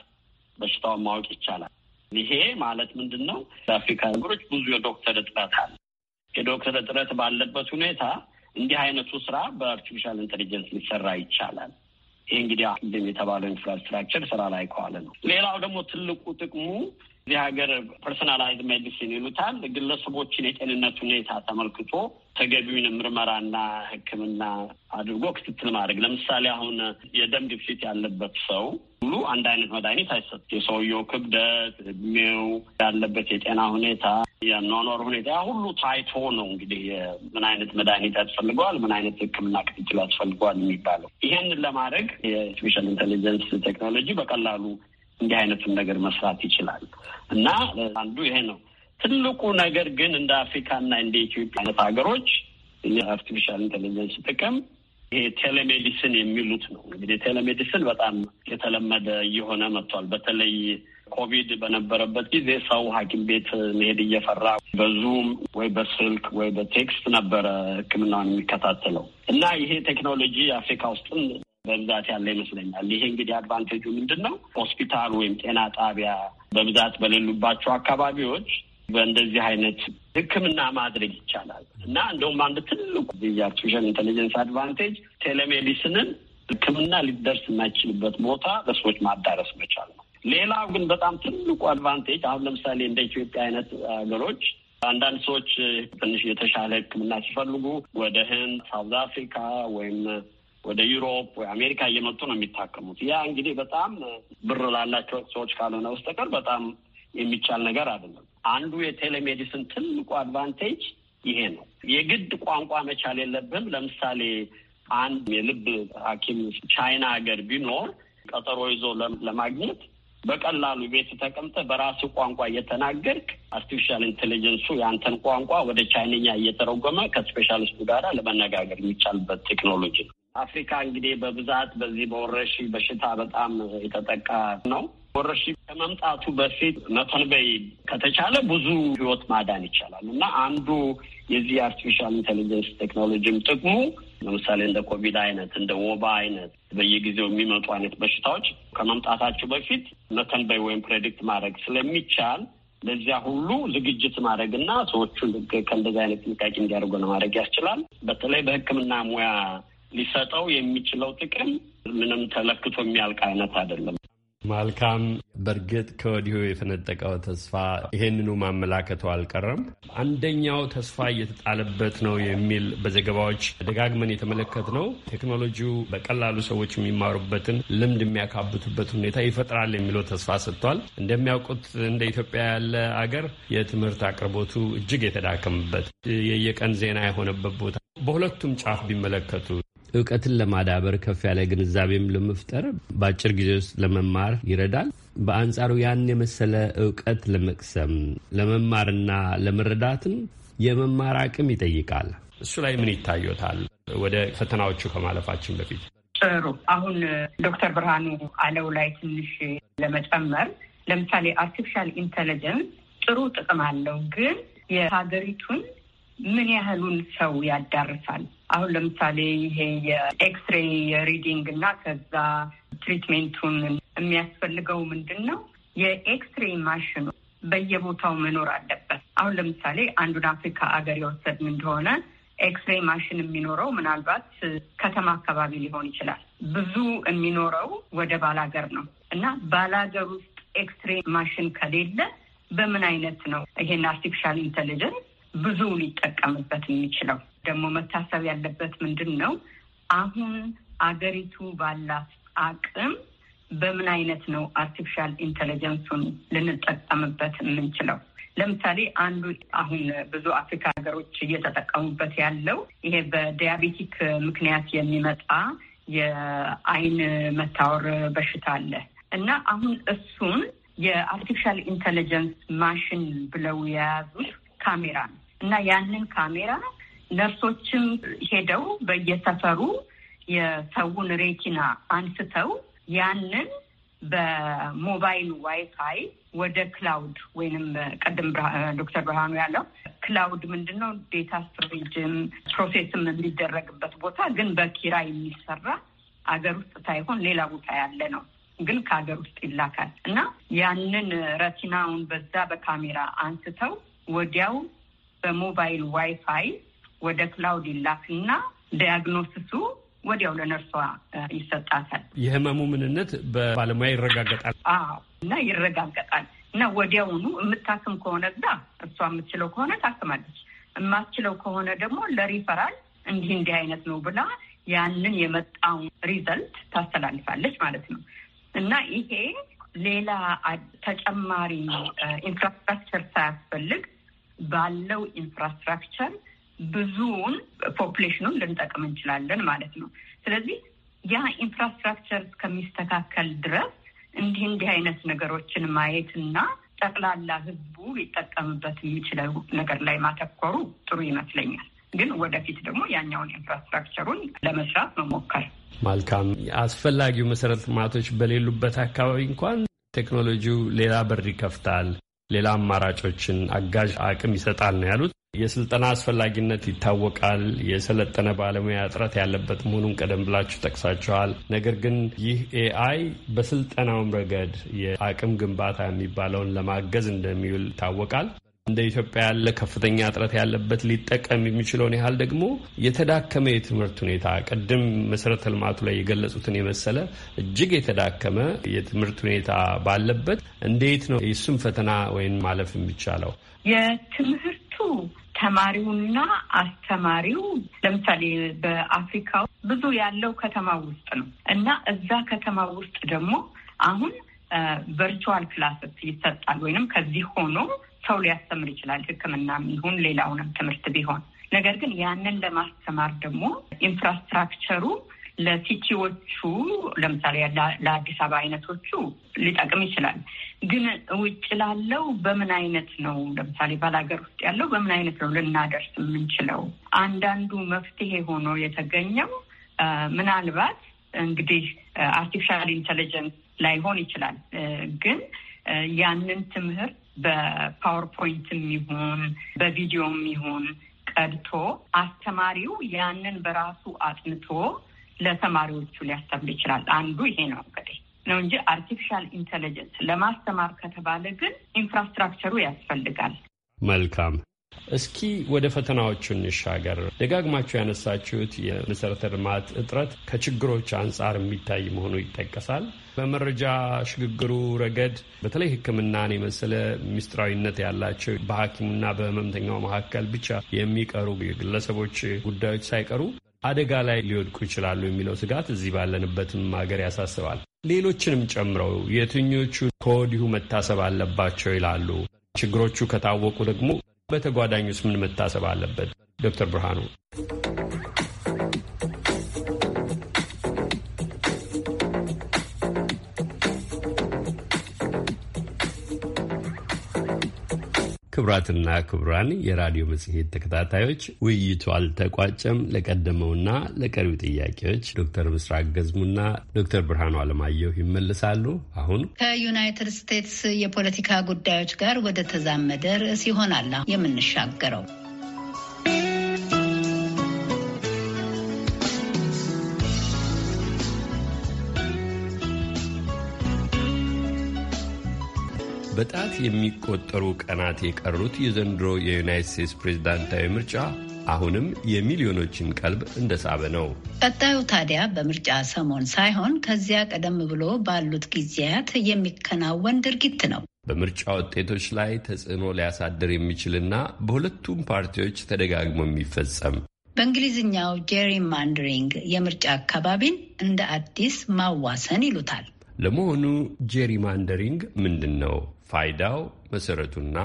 በሽታውን ማወቅ ይቻላል። ይሄ ማለት ምንድን ነው? በአፍሪካ ሀገሮች ብዙ የዶክተር እጥረት አለ። የዶክተር እጥረት ባለበት ሁኔታ እንዲህ አይነቱ ስራ በአርቲፊሻል ኢንቴሊጀንስ ሊሰራ ይቻላል። ይህ እንግዲህ ቅድም የተባለው ኢንፍራስትራክቸር ስራ ላይ ከዋለ ነው። ሌላው ደግሞ ትልቁ ጥቅሙ እዚህ ሀገር ፐርሰናላይዝ ሜዲሲን ይሉታል። ግለሰቦችን የጤንነት ሁኔታ ተመልክቶ ተገቢውን ምርመራና ሕክምና አድርጎ ክትትል ማድረግ። ለምሳሌ አሁን የደም ግፊት ያለበት ሰው ሁሉ አንድ አይነት መድኃኒት አይሰጥ የሰውየው ክብደት፣ እድሜው፣ ያለበት የጤና ሁኔታ፣ የኗኗር ሁኔታ ያ ሁሉ ታይቶ ነው እንግዲህ ምን አይነት መድኃኒት ያስፈልገዋል፣ ምን አይነት ሕክምና ክትትል ያስፈልገዋል የሚባለው። ይሄንን ለማድረግ የአርቲፊሻል ኢንቴሊጀንስ ቴክኖሎጂ በቀላሉ እንዲህ አይነቱን ነገር መስራት ይችላል እና አንዱ ይሄ ነው። ትልቁ ነገር ግን እንደ አፍሪካና እንደ ኢትዮጵያ አይነት ሀገሮች የአርቲፊሻል ኢንቴሊጀንስ ጥቅም ይሄ ቴሌሜዲሲን የሚሉት ነው። እንግዲህ ቴሌሜዲሲን በጣም የተለመደ እየሆነ መጥቷል። በተለይ ኮቪድ በነበረበት ጊዜ ሰው ሐኪም ቤት መሄድ እየፈራ በዙም ወይ በስልክ ወይ በቴክስት ነበረ ሕክምናውን የሚከታተለው እና ይሄ ቴክኖሎጂ አፍሪካ ውስጥም በብዛት ያለ ይመስለኛል። ይሄ እንግዲህ አድቫንቴጁ ምንድን ነው? ሆስፒታል ወይም ጤና ጣቢያ በብዛት በሌሉባቸው አካባቢዎች በእንደዚህ አይነት ሕክምና ማድረግ ይቻላል እና እንደውም አንድ ትልቁ የአርቲፊሻል ኢንቴሊጀንስ አድቫንቴጅ ቴሌሜዲስንን ሕክምና ሊደርስ የማይችልበት ቦታ ለሰዎች ማዳረስ መቻል ነው። ሌላው ግን በጣም ትልቁ አድቫንቴጅ አሁን ለምሳሌ እንደ ኢትዮጵያ አይነት ሀገሮች አንዳንድ ሰዎች ትንሽ የተሻለ ሕክምና ሲፈልጉ ወደ ህንድ፣ ሳውዝ አፍሪካ ወይም ወደ ዩሮፕ ወይ አሜሪካ እየመጡ ነው የሚታከሙት። ያ እንግዲህ በጣም ብር ላላቸው ሰዎች ካልሆነ በስተቀር በጣም የሚቻል ነገር አይደለም። አንዱ የቴሌሜዲስን ትልቁ አድቫንቴጅ ይሄ ነው። የግድ ቋንቋ መቻል የለብም። ለምሳሌ አንድ የልብ ሐኪም ቻይና ሀገር ቢኖር ቀጠሮ ይዞ ለማግኘት በቀላሉ ቤት ተቀምጠ በራሱ ቋንቋ እየተናገርክ አርቲፊሻል ኢንቴሊጀንሱ የአንተን ቋንቋ ወደ ቻይንኛ እየተረጎመ ከስፔሻሊስቱ ጋራ ለመነጋገር የሚቻልበት ቴክኖሎጂ ነው። አፍሪካ እንግዲህ በብዛት በዚህ በወረርሽኝ በሽታ በጣም የተጠቃ ነው። ወረርሽኝ ከመምጣቱ በፊት መተንበይ ከተቻለ ብዙ ህይወት ማዳን ይቻላል እና አንዱ የዚህ አርቲፊሻል ኢንቴሊጀንስ ቴክኖሎጂም ጥቅሙ ለምሳሌ እንደ ኮቪድ አይነት እንደ ወባ አይነት በየጊዜው የሚመጡ አይነት በሽታዎች ከመምጣታቸው በፊት መተንበይ ወይም ፕሬዲክት ማድረግ ስለሚቻል ለዚያ ሁሉ ዝግጅት ማድረግና ሰዎቹ ከእንደዚህ አይነት ጥንቃቄ እንዲያደርጉ ለማድረግ ያስችላል። በተለይ በሕክምና ሙያ ሊሰጠው የሚችለው ጥቅም ምንም ተለክቶ የሚያልቅ አይነት አይደለም። መልካም። በእርግጥ ከወዲሁ የፈነጠቀው ተስፋ ይሄንኑ ማመላከቱ አልቀረም። አንደኛው ተስፋ እየተጣለበት ነው የሚል በዘገባዎች ደጋግመን የተመለከት ነው። ቴክኖሎጂው በቀላሉ ሰዎች የሚማሩበትን ልምድ የሚያካብቱበት ሁኔታ ይፈጥራል የሚለው ተስፋ ሰጥቷል። እንደሚያውቁት እንደ ኢትዮጵያ ያለ አገር የትምህርት አቅርቦቱ እጅግ የተዳከመበት የየቀን ዜና የሆነበት ቦታ በሁለቱም ጫፍ ቢመለከቱ እውቀትን ለማዳበር ከፍ ያለ ግንዛቤም ለመፍጠር በአጭር ጊዜ ውስጥ ለመማር ይረዳል። በአንጻሩ ያን የመሰለ እውቀት ለመቅሰም ለመማርና ለመረዳትም የመማር አቅም ይጠይቃል። እሱ ላይ ምን ይታዩታል? ወደ ፈተናዎቹ ከማለፋችን በፊት ጥሩ። አሁን ዶክተር ብርሃኑ አለው ላይ ትንሽ ለመጨመር ለምሳሌ አርቲፊሻል ኢንቴሊጀንስ ጥሩ ጥቅም አለው፣ ግን የሀገሪቱን ምን ያህሉን ሰው ያዳርሳል? አሁን ለምሳሌ ይሄ የኤክስሬይ የሪዲንግ እና ከዛ ትሪትሜንቱን የሚያስፈልገው ምንድን ነው? የኤክስሬይ ማሽኑ በየቦታው መኖር አለበት። አሁን ለምሳሌ አንዱን አፍሪካ ሀገር የወሰድን እንደሆነ ኤክስሬይ ማሽን የሚኖረው ምናልባት ከተማ አካባቢ ሊሆን ይችላል። ብዙ የሚኖረው ወደ ባላገር ነው እና ባላገር ውስጥ ኤክስሬይ ማሽን ከሌለ በምን አይነት ነው ይሄን አርቲፊሻል ኢንቴሊጀንስ ብዙ ሊጠቀምበት የሚችለው? ደግሞ መታሰብ ያለበት ምንድን ነው? አሁን አገሪቱ ባላት አቅም በምን አይነት ነው አርቲፊሻል ኢንቴሊጀንሱን ልንጠቀምበት የምንችለው? ለምሳሌ አንዱ አሁን ብዙ አፍሪካ ሀገሮች እየተጠቀሙበት ያለው ይሄ በዲያቤቲክ ምክንያት የሚመጣ የአይን መታወር በሽታ አለ እና አሁን እሱን የአርቲፊሻል ኢንቴሊጀንስ ማሽን ብለው የያዙት ካሜራ ነው እና ያንን ካሜራ ነርሶችም ሄደው በየሰፈሩ የሰውን ሬቲና አንስተው ያንን በሞባይል ዋይፋይ ወደ ክላውድ ወይንም ቀደም ዶክተር ብርሃኑ ያለው ክላውድ ምንድን ነው ዴታ ስቶሬጅም ፕሮሴስም የሚደረግበት ቦታ ግን በኪራይ የሚሰራ አገር ውስጥ ሳይሆን ሌላ ቦታ ያለ ነው ግን ከሀገር ውስጥ ይላካል እና ያንን ረቲናውን በዛ በካሜራ አንስተው ወዲያው በሞባይል ዋይፋይ ወደ ክላውድ ይላክና ዲያግኖሲሱ ወዲያው ለነርሷ ይሰጣታል። የህመሙ ምንነት በባለሙያ ይረጋገጣል። አዎ እና ይረጋገጣል እና ወዲያውኑ የምታክም ከሆነ እዛ እሷ የምትችለው ከሆነ ታክማለች። የማትችለው ከሆነ ደግሞ ለሪፈራል እንዲህ እንዲህ አይነት ነው ብላ ያንን የመጣውን ሪዘልት ታስተላልፋለች ማለት ነው እና ይሄ ሌላ ተጨማሪ ኢንፍራስትራክቸር ሳያስፈልግ ባለው ኢንፍራስትራክቸር ብዙውን ፖፕሌሽኑን ልንጠቅም እንችላለን ማለት ነው። ስለዚህ ያ ኢንፍራስትራክቸር እስከሚስተካከል ድረስ እንዲህ እንዲህ አይነት ነገሮችን ማየት እና ጠቅላላ ህዝቡ ሊጠቀምበት የሚችለው ነገር ላይ ማተኮሩ ጥሩ ይመስለኛል። ግን ወደፊት ደግሞ ያኛውን ኢንፍራስትራክቸሩን ለመስራት መሞከር መልካም። አስፈላጊው መሰረተ ልማቶች በሌሉበት አካባቢ እንኳን ቴክኖሎጂው ሌላ በር ይከፍታል፣ ሌላ አማራጮችን አጋዥ አቅም ይሰጣል ነው ያሉት። የስልጠና አስፈላጊነት ይታወቃል። የሰለጠነ ባለሙያ እጥረት ያለበት መሆኑን ቀደም ብላችሁ ጠቅሳችኋል። ነገር ግን ይህ ኤአይ በስልጠናውም ረገድ የአቅም ግንባታ የሚባለውን ለማገዝ እንደሚውል ይታወቃል። እንደ ኢትዮጵያ ያለ ከፍተኛ እጥረት ያለበት ሊጠቀም የሚችለውን ያህል ደግሞ የተዳከመ የትምህርት ሁኔታ ቅድም መሰረተ ልማቱ ላይ የገለጹትን የመሰለ እጅግ የተዳከመ የትምህርት ሁኔታ ባለበት እንዴት ነው የእሱም ፈተና ወይም ማለፍ የሚቻለው? የትምህርቱ ተማሪውና አስተማሪው ለምሳሌ በአፍሪካ ብዙ ያለው ከተማ ውስጥ ነው እና እዛ ከተማ ውስጥ ደግሞ አሁን ቨርቹዋል ክላስስ ይሰጣል ወይንም ከዚህ ሆኖ ሰው ሊያስተምር ይችላል። ሕክምና ይሁን ሌላውንም ትምህርት ቢሆን ነገር ግን ያንን ለማስተማር ደግሞ ኢንፍራስትራክቸሩ ለሲቲዎቹ ለምሳሌ ለአዲስ አበባ አይነቶቹ ሊጠቅም ይችላል። ግን ውጭ ላለው በምን አይነት ነው ለምሳሌ ባላገር ውስጥ ያለው በምን አይነት ነው ልናደርስ የምንችለው? አንዳንዱ መፍትሄ ሆኖ የተገኘው ምናልባት እንግዲህ አርቲፊሻል ኢንቴሊጀንስ ላይሆን ይችላል ግን ያንን ትምህርት በፓወርፖይንትም ይሁን በቪዲዮም ይሁን ቀድቶ አስተማሪው ያንን በራሱ አጥንቶ ለተማሪዎቹ ሊያስተምር ይችላል። አንዱ ይሄ ነው እንግዲህ ነው እንጂ አርቲፊሻል ኢንቴሊጀንስ ለማስተማር ከተባለ ግን ኢንፍራስትራክቸሩ ያስፈልጋል። መልካም። እስኪ ወደ ፈተናዎቹ እንሻገር። ደጋግማችሁ ያነሳችሁት የመሰረተ ልማት እጥረት ከችግሮች አንጻር የሚታይ መሆኑ ይጠቀሳል። በመረጃ ሽግግሩ ረገድ በተለይ ሕክምናን የመሰለ ሚስጥራዊነት ያላቸው በሐኪሙና በህመምተኛው መካከል ብቻ የሚቀሩ የግለሰቦች ጉዳዮች ሳይቀሩ አደጋ ላይ ሊወድቁ ይችላሉ የሚለው ስጋት እዚህ ባለንበትም ሀገር ያሳስባል። ሌሎችንም ጨምረው የትኞቹ ከወዲሁ መታሰብ አለባቸው ይላሉ? ችግሮቹ ከታወቁ ደግሞ በተጓዳኙስ ምን መታሰብ አለበት? ዶክተር ብርሃኑ ክቡራትና ክቡራን የራዲዮ መጽሔት ተከታታዮች ውይይቱ አልተቋጨም። ለቀደመውና ለቀሪው ጥያቄዎች ዶክተር ምስራቅ ገዝሙና ዶክተር ብርሃኑ አለማየሁ ይመልሳሉ። አሁን ከዩናይትድ ስቴትስ የፖለቲካ ጉዳዮች ጋር ወደ ተዛመደ ርዕስ ይሆናል የምንሻገረው። በጣት የሚቆጠሩ ቀናት የቀሩት የዘንድሮ የዩናይት ስቴትስ ፕሬዝዳንታዊ ምርጫ አሁንም የሚሊዮኖችን ቀልብ እንደሳበ ነው። ቀጣዩ ታዲያ በምርጫ ሰሞን ሳይሆን ከዚያ ቀደም ብሎ ባሉት ጊዜያት የሚከናወን ድርጊት ነው። በምርጫ ውጤቶች ላይ ተጽዕኖ ሊያሳድር የሚችልና በሁለቱም ፓርቲዎች ተደጋግሞ የሚፈጸም በእንግሊዝኛው ጄሪ ማንደሪንግ የምርጫ አካባቢን እንደ አዲስ ማዋሰን ይሉታል። ለመሆኑ ጄሪ ማንደሪንግ ምንድን ነው? ፋይዳው፣ መሰረቱና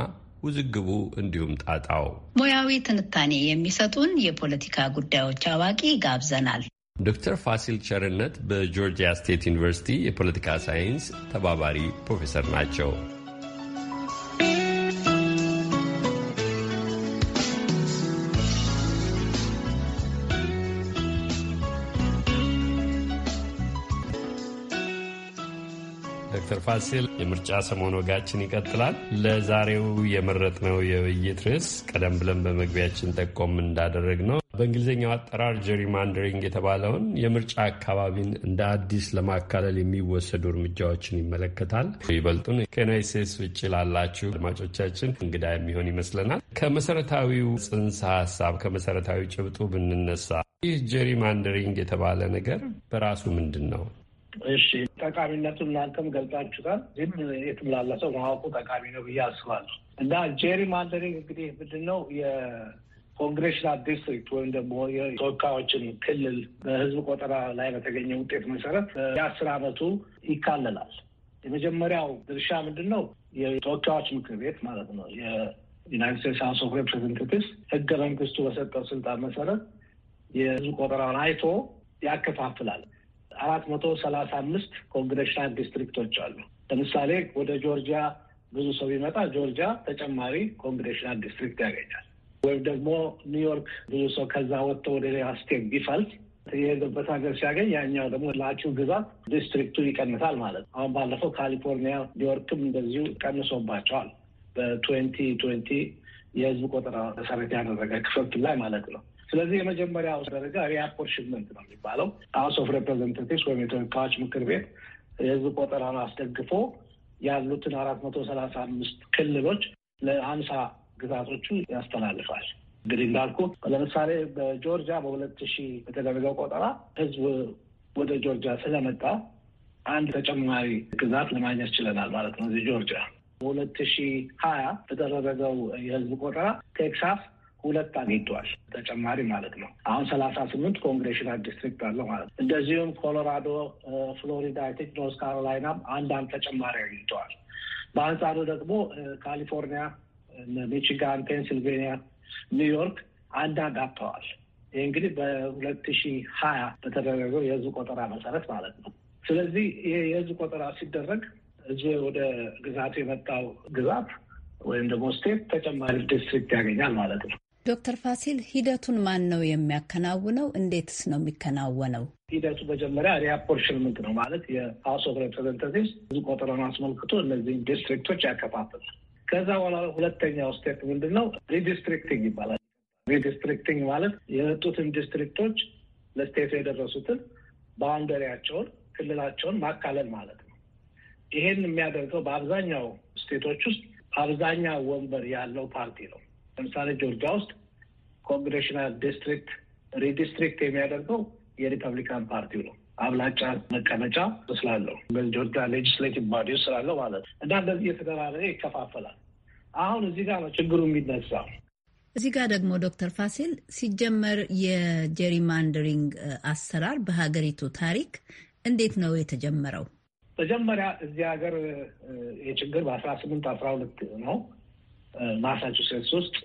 ውዝግቡ እንዲሁም ጣጣው ሙያዊ ትንታኔ የሚሰጡን የፖለቲካ ጉዳዮች አዋቂ ጋብዘናል። ዶክተር ፋሲል ቸርነት በጆርጂያ ስቴት ዩኒቨርሲቲ የፖለቲካ ሳይንስ ተባባሪ ፕሮፌሰር ናቸው። ዶክተር ፋሲል የምርጫ ሰሞን ወጋችን ይቀጥላል። ለዛሬው የመረጥነው የውይይት ርዕስ ቀደም ብለን በመግቢያችን ጠቆም እንዳደረግ ነው በእንግሊዝኛው አጠራር ጀሪማንደሪንግ የተባለውን የምርጫ አካባቢን እንደ አዲስ ለማካለል የሚወሰዱ እርምጃዎችን ይመለከታል። ይበልጡን ከዩናይት ስቴትስ ውጭ ላላችሁ አድማጮቻችን እንግዳ የሚሆን ይመስለናል። ከመሰረታዊው ጽንሰ ሀሳብ ከመሰረታዊ ጭብጡ ብንነሳ ይህ ጀሪማንደሪንግ የተባለ ነገር በራሱ ምንድን ነው? እሺ ጠቃሚነቱን እናንተም ገልጻችሁታል። ግን የትም ሰው ማወቁ ጠቃሚ ነው ብዬ አስባለሁ እና ጄሪ ማንደሪንግ እንግዲህ ምንድን ነው የኮንግሬሽናል ዲስትሪክት ወይም ደግሞ የተወካዮችን ክልል በህዝብ ቆጠራ ላይ በተገኘ ውጤት መሰረት የአስር አመቱ ይካለላል። የመጀመሪያው ድርሻ ምንድን ነው? የተወካዮች ምክር ቤት ማለት ነው። የዩናይት ስቴትስ ሀውስ ኦፍ ሬፕሬዘንታቲቭስ ህገ መንግስቱ በሰጠው ስልጣን መሰረት የህዝብ ቆጠራውን አይቶ ያከፋፍላል። አራት መቶ ሰላሳ አምስት ኮንግሬሽናል ዲስትሪክቶች አሉ። ለምሳሌ ወደ ጆርጂያ ብዙ ሰው ቢመጣ ጆርጂያ ተጨማሪ ኮንግሬሽናል ዲስትሪክት ያገኛል። ወይም ደግሞ ኒውዮርክ ብዙ ሰው ከዛ ወጥቶ ወደ ሌላ ስቴት ቢፈልት የሄደበት ሀገር ሲያገኝ ያኛው ደግሞ ላኪው ግዛት ዲስትሪክቱ ይቀንሳል ማለት ነው። አሁን ባለፈው ካሊፎርኒያ፣ ኒውዮርክም እንደዚሁ ቀንሶባቸዋል በትዌንቲ ትዌንቲ የህዝብ ቆጠራ መሰረት ያደረገ ክፍፍል ላይ ማለት ነው። ስለዚህ የመጀመሪያው ደረጃ ሪአፖርሽመንት ነው የሚባለው። ሀውስ ኦፍ ሬፕሬዘንታቲቭስ ወይም የተወካዮች ምክር ቤት የህዝብ ቆጠራን አስደግፎ ያሉትን አራት መቶ ሰላሳ አምስት ክልሎች ለአምሳ ግዛቶቹ ያስተላልፋል። እንግዲህ እንዳልኩ ለምሳሌ በጆርጂያ በሁለት ሺህ የተደረገው ቆጠራ ህዝብ ወደ ጆርጂያ ስለመጣ አንድ ተጨማሪ ግዛት ለማግኘት ችለናል ማለት ነው። እዚህ ጆርጂያ በሁለት ሺህ ሀያ በተደረገው የህዝብ ቆጠራ ቴክሳስ ሁለት አግኝተዋል ተጨማሪ ማለት ነው። አሁን ሰላሳ ስምንት ኮንግሬሽናል ዲስትሪክት አለው ማለት ነው። እንደዚሁም ኮሎራዶ፣ ፍሎሪዳ፣ ቴክ ኖርዝ ካሮላይናም አንዳንድ ተጨማሪ አግኝተዋል። በአንጻሩ ደግሞ ካሊፎርኒያ፣ ሚቺጋን፣ ፔንሲልቬኒያ፣ ኒውዮርክ አንዳንድ አጥተዋል። ይህ እንግዲህ በሁለት ሺህ ሀያ በተደረገው የህዝብ ቆጠራ መሰረት ማለት ነው። ስለዚህ ይሄ የህዝብ ቆጠራ ሲደረግ እዚህ ወደ ግዛቱ የመጣው ግዛት ወይም ደግሞ ስቴት ተጨማሪ ዲስትሪክት ያገኛል ማለት ነው። ዶክተር ፋሲል ሂደቱን ማን ነው የሚያከናውነው? እንዴትስ ነው የሚከናወነው? ሂደቱ መጀመሪያ ሪአፖርሽንመንት ነው ማለት የሀውስ ኦፍ ሬፕሬዘንታቲቭስ ብዙ ቆጠራን አስመልክቶ እነዚህን ዲስትሪክቶች ያከፋፍላል። ከዛ በኋላ ሁለተኛው ስቴፕ ምንድን ነው? ሪዲስትሪክቲንግ ይባላል። ሪዲስትሪክቲንግ ማለት የመጡትን ዲስትሪክቶች ለስቴቱ የደረሱትን ባውንደሪያቸውን፣ ክልላቸውን ማካለል ማለት ነው። ይሄን የሚያደርገው በአብዛኛው ስቴቶች ውስጥ አብዛኛው ወንበር ያለው ፓርቲ ነው። ለምሳሌ ጆርጂያ ውስጥ ኮንግሬሽናል ዲስትሪክት ሪዲስትሪክት የሚያደርገው የሪፐብሊካን ፓርቲው ነው አብላጫ መቀመጫ ስላለው በጆርጂያ ሌጅስሌቲቭ ባዲ ስላለው ማለት ነው። እና እንደዚህ የተደራረገ ይከፋፈላል። አሁን እዚህ ጋር ነው ችግሩ የሚነሳው። እዚህ ጋር ደግሞ ዶክተር ፋሲል ሲጀመር የጀሪማንደሪንግ አሰራር በሀገሪቱ ታሪክ እንዴት ነው የተጀመረው? መጀመሪያ እዚህ ሀገር የችግር በአስራ ስምንት አስራ ሁለት ነው ማሳቹሴትስ ውስጥ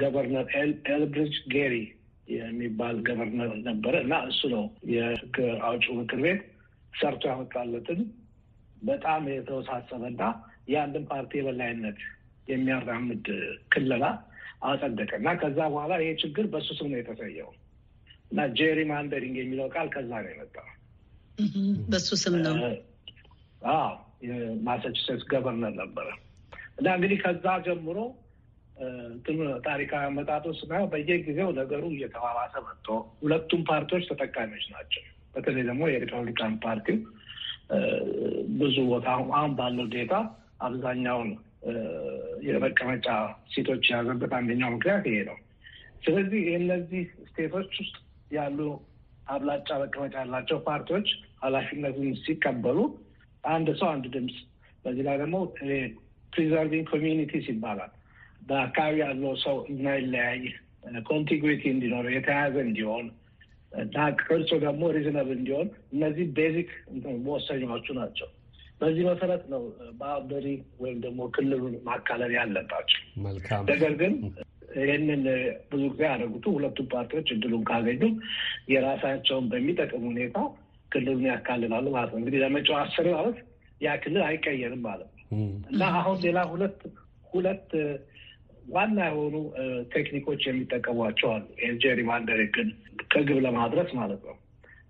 ገቨርነር ኤልብሪጅ ጌሪ የሚባል ገቨርነር ነበረ እና እሱ ነው የህግ አውጭ ምክር ቤት ሰርቶ ያመጣለትን በጣም የተወሳሰበና የአንድን ፓርቲ የበላይነት የሚያራምድ ክለላ አጸደቀ እና ከዛ በኋላ ይሄ ችግር በሱ ስም ነው የተሰየው እና ጄሪ ማንደሪንግ የሚለው ቃል ከዛ ነው የመጣው። በሱ ስም ነው ማሳቹሴትስ ገቨርነር ነበረ እና እንግዲህ ከዛ ጀምሮ ታሪካዊ አመጣጡ ስናየው በየጊዜው ነገሩ እየተባባሰ መጥቶ ሁለቱም ፓርቲዎች ተጠቃሚዎች ናቸው። በተለይ ደግሞ የሪፐብሊካን ፓርቲ ብዙ ቦታ አሁን ባለው ዴታ አብዛኛውን የመቀመጫ ሴቶች የያዘበት አንደኛው ምክንያት ይሄ ነው። ስለዚህ የነዚህ ስቴቶች ውስጥ ያሉ አብላጫ መቀመጫ ያላቸው ፓርቲዎች ኃላፊነቱን ሲቀበሉ አንድ ሰው አንድ ድምፅ፣ በዚህ ላይ ደግሞ ፕሪዘርቪንግ ኮሚዩኒቲስ ይባላል። በአካባቢ ያለው ሰው እንዳይለያይ ኮንቲጉዊቲ እንዲኖር የተያያዘ እንዲሆን እና ቅርጹ ደግሞ ሪዝነብ እንዲሆን እነዚህ ቤዚክ መወሰኛዎቹ ናቸው። በዚህ መሰረት ነው ባውንደሪ ወይም ደግሞ ክልሉን ማካለል ያለባቸው። ነገር ግን ይህንን ብዙ ጊዜ ያደረጉት ሁለቱ ፓርቲዎች እድሉን ካገኙ የራሳቸውን በሚጠቅም ሁኔታ ክልሉን ያካልላሉ ማለት ነው። እንግዲህ ለመጪው አስር ማለት ያ ክልል አይቀየርም ማለት ነው እና አሁን ሌላ ሁለት ሁለት ዋና የሆኑ ቴክኒኮች የሚጠቀሟቸው አሉ። የጀሪ ማንደሪንግን ከግብ ለማድረስ ማለት ነው።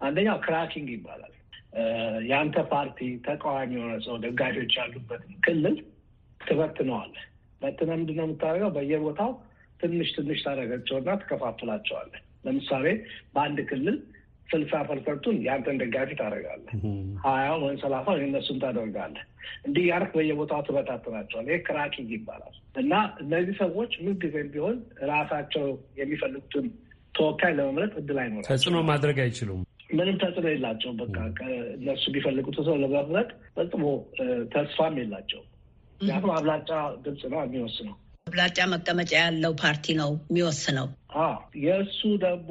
አንደኛው ክራኪንግ ይባላል። የአንተ ፓርቲ ተቃዋሚ የሆነ ሰው ደጋፊዎች ያሉበትን ክልል ትበትነዋለህ። በትነ ምንድን ነው የምታደርገው? በየቦታው ትንሽ ትንሽ ታደርጋቸውና ትከፋፍላቸዋለህ። ለምሳሌ በአንድ ክልል ስልሳ ፐርሰንቱን የአንተን ደጋፊ ታደርጋለህ፣ ሀያ ወይም ሰላሳ እነሱን ታደርጋለህ። እንዲህ ያርክ በየቦታው ትበታትናቸዋል። ይህ ክራኪንግ ይባላል። እና እነዚህ ሰዎች ምንጊዜም ቢሆን ራሳቸው የሚፈልጉትን ተወካይ ለመምረጥ እድል አይኖራቸውም። ተጽዕኖ ማድረግ አይችሉም። ምንም ተጽዕኖ የላቸውም። በቃ እነሱ የሚፈልጉት ሰው ለመምረጥ ፈጽሞ ተስፋም የላቸውም። ያቱም አብላጫ ድምፅ ነው የሚወስነው አብላጫ መቀመጫ ያለው ፓርቲ ነው የሚወስነው። የእሱ ደግሞ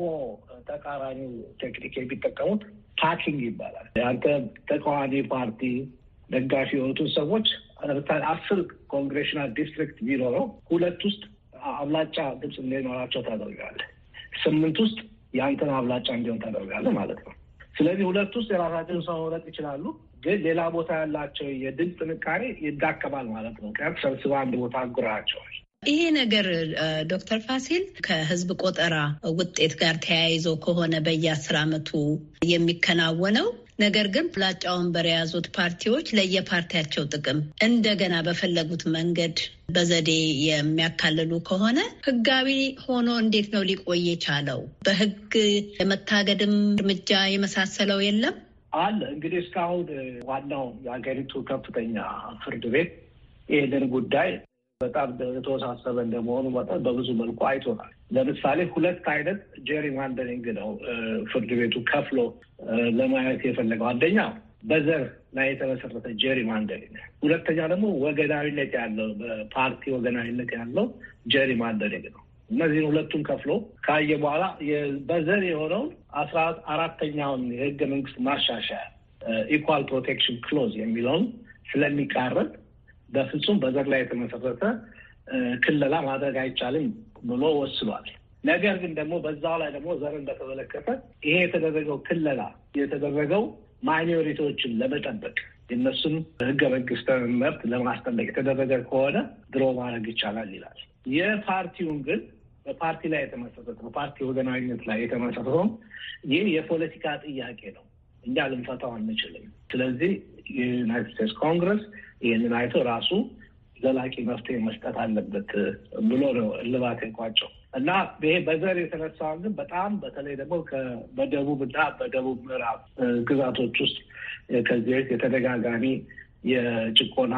ተቃራኒ ቴክኒክ የሚጠቀሙት ፓኪንግ ይባላል። አንተ ተቃዋሚ ፓርቲ ደጋፊ የሆኑትን ሰዎች አስር ኮንግሬሽናል ዲስትሪክት ቢኖረው ሁለት ውስጥ አብላጫ ድምፅ እንዲኖራቸው ታደርጋለህ። ስምንት ውስጥ የአንተን አብላጫ እንዲሆን ታደርጋለህ ማለት ነው። ስለዚህ ሁለት ውስጥ የራሳቸውን ሰው መውረጥ ይችላሉ፣ ግን ሌላ ቦታ ያላቸው የድምፅ ጥንካሬ ይዳከማል ማለት ነው። ምክንያቱ ሰብስባ አንድ ቦታ አጉራቸዋል። ይሄ ነገር ዶክተር ፋሲል ከህዝብ ቆጠራ ውጤት ጋር ተያይዞ ከሆነ በየአስር አመቱ የሚከናወነው ነገር ግን ብላጫውን የያዙት ፓርቲዎች ለየፓርቲያቸው ጥቅም እንደገና በፈለጉት መንገድ በዘዴ የሚያካልሉ ከሆነ ህጋዊ ሆኖ እንዴት ነው ሊቆይ የቻለው? በህግ የመታገድም እርምጃ የመሳሰለው የለም አለ። እንግዲህ እስካሁን ዋናው የሀገሪቱ ከፍተኛ ፍርድ ቤት ይህንን ጉዳይ በጣም የተወሳሰበ እንደመሆኑ መጠን በብዙ መልኩ አይቶናል። ለምሳሌ ሁለት አይነት ጀሪ ማንደሪንግ ነው ፍርድ ቤቱ ከፍሎ ለማየት የፈለገው አንደኛ በዘር ላይ የተመሰረተ ጀሪ ማንደሪንግ፣ ሁለተኛ ደግሞ ወገናዊነት ያለው በፓርቲ ወገናዊነት ያለው ጀሪ ማንደሪንግ ነው። እነዚህን ሁለቱን ከፍሎ ካየ በኋላ በዘር የሆነውን አስራ አራተኛውን የህገ መንግስት ማሻሻያ ኢኳል ፕሮቴክሽን ክሎዝ የሚለውን ስለሚቃረን በፍጹም በዘር ላይ የተመሰረተ ክለላ ማድረግ አይቻልም ብሎ ወስኗል። ነገር ግን ደግሞ በዛው ላይ ደግሞ ዘር እንደተመለከተ ይሄ የተደረገው ክለላ የተደረገው ማይኖሪቲዎችን ለመጠበቅ የእነሱን ህገ መንግስት መብት ለማስጠበቅ የተደረገ ከሆነ ድሮ ማድረግ ይቻላል ይላል። የፓርቲውን ግን በፓርቲ ላይ የተመሰረተ በፓርቲ ወገናዊነት ላይ የተመሰረተውም ይህ የፖለቲካ ጥያቄ ነው። እኛ ልንፈታው አንችልም። ስለዚህ የዩናይትድ ስቴትስ ኮንግረስ ይህንን አይቶ ራሱ ዘላቂ መፍትሄ መስጠት አለበት ብሎ ነው እልባት የቋጨው እና ይሄ በዘር የተነሳውን ግን በጣም በተለይ ደግሞ በደቡብ እና በደቡብ ምዕራብ ግዛቶች ውስጥ ከዚህ በፊት የተደጋጋሚ የጭቆና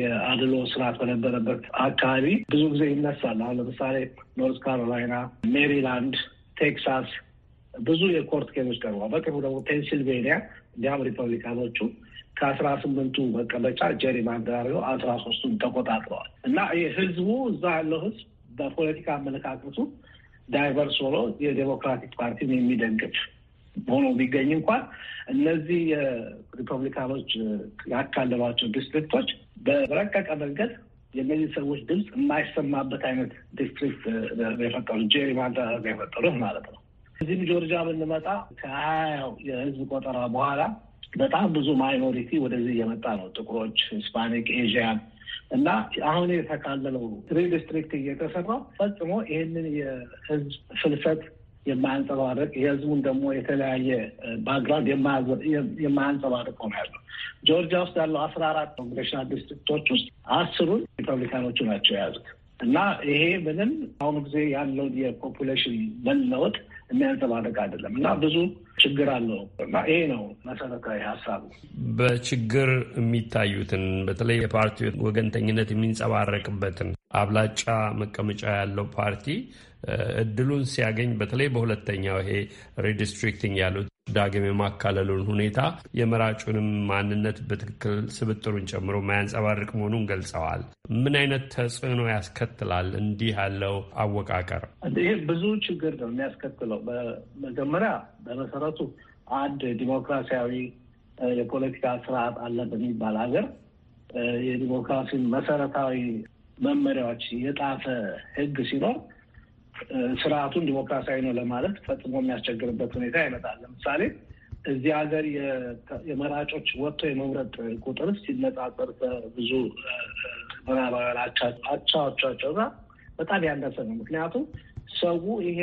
የአድሎ ስርዓት በነበረበት አካባቢ ብዙ ጊዜ ይነሳል። አሁን ለምሳሌ ኖርት ካሮላይና፣ ሜሪላንድ፣ ቴክሳስ ብዙ የኮርት ኬዞች ቀርቧል። በቅርቡ ደግሞ ፔንሲልቬኒያ እንዲያም ሪፐብሊካኖቹ ከአስራ ስምንቱ መቀመጫ ጀሪማንዳሪው አስራ ሶስቱን ተቆጣጥረዋል እና የህዝቡ እዛ ያለው ህዝብ በፖለቲካ አመለካከቱ ዳይቨርስ ሆኖ የዴሞክራቲክ ፓርቲን የሚደግፍ ሆኖ ቢገኝ እንኳን እነዚህ የሪፐብሊካኖች ያካለሏቸው ዲስትሪክቶች በረቀቀ መንገድ የእነዚህ ሰዎች ድምፅ የማይሰማበት አይነት ዲስትሪክት የፈጠሩ ጀሪማንዳር የፈጠሩት ማለት ነው። እዚህም ጆርጂያ ብንመጣ ከሀያው የህዝብ ቆጠራ በኋላ በጣም ብዙ ማይኖሪቲ ወደዚህ እየመጣ ነው። ጥቁሮች፣ ሂስፓኒክ፣ ኤዥያን እና አሁን የተካለለው ሪዲስትሪክት እየተሰራ ፈጽሞ ይህንን የህዝብ ፍልሰት የማያንጸባርቅ የህዝቡን ደግሞ የተለያየ ባክግራውንድ የማያንጸባርቅ ሆነ ያለው ጆርጂያ ውስጥ ያለው አስራ አራት ኮንግሬሽናል ዲስትሪክቶች ውስጥ አስሩን ሪፐብሊካኖቹ ናቸው የያዙት እና ይሄ ምንም አሁኑ ጊዜ ያለውን የፖፑሌሽን መለወጥ የሚያንጸባርቅ አይደለም እና ብዙ ችግር አለው እና ይሄ ነው መሰረታዊ ሀሳቡ። በችግር የሚታዩትን በተለይ የፓርቲ ወገንተኝነት የሚንጸባረቅበትን አብላጫ መቀመጫ ያለው ፓርቲ እድሉን ሲያገኝ በተለይ በሁለተኛው ይሄ ሪዲስትሪክቲንግ ያሉት ዳግም የማካለሉን ሁኔታ የመራጩንም ማንነት በትክክል ስብጥሩን ጨምሮ ማያንጸባርቅ መሆኑን ገልጸዋል። ምን አይነት ተጽዕኖ ያስከትላል እንዲህ ያለው አወቃቀር? ይህ ብዙ ችግር ነው የሚያስከትለው። መጀመሪያ በመሰረቱ አንድ ዲሞክራሲያዊ የፖለቲካ ስርዓት አለ በሚባል ሀገር የዲሞክራሲን መሰረታዊ መመሪያዎች የጣፈ ህግ ሲኖር ስርዓቱን ዲሞክራሲያዊ ነው ለማለት ፈጽሞ የሚያስቸግርበት ሁኔታ ይመጣል። ለምሳሌ እዚህ ሀገር የመራጮች ወጥቶ የመምረጥ ቁጥር ሲነጻጸር በብዙ ምዕራባውያን አቻዎቻቸው ጋር በጣም ያነሰ ነው። ምክንያቱም ሰው ይሄ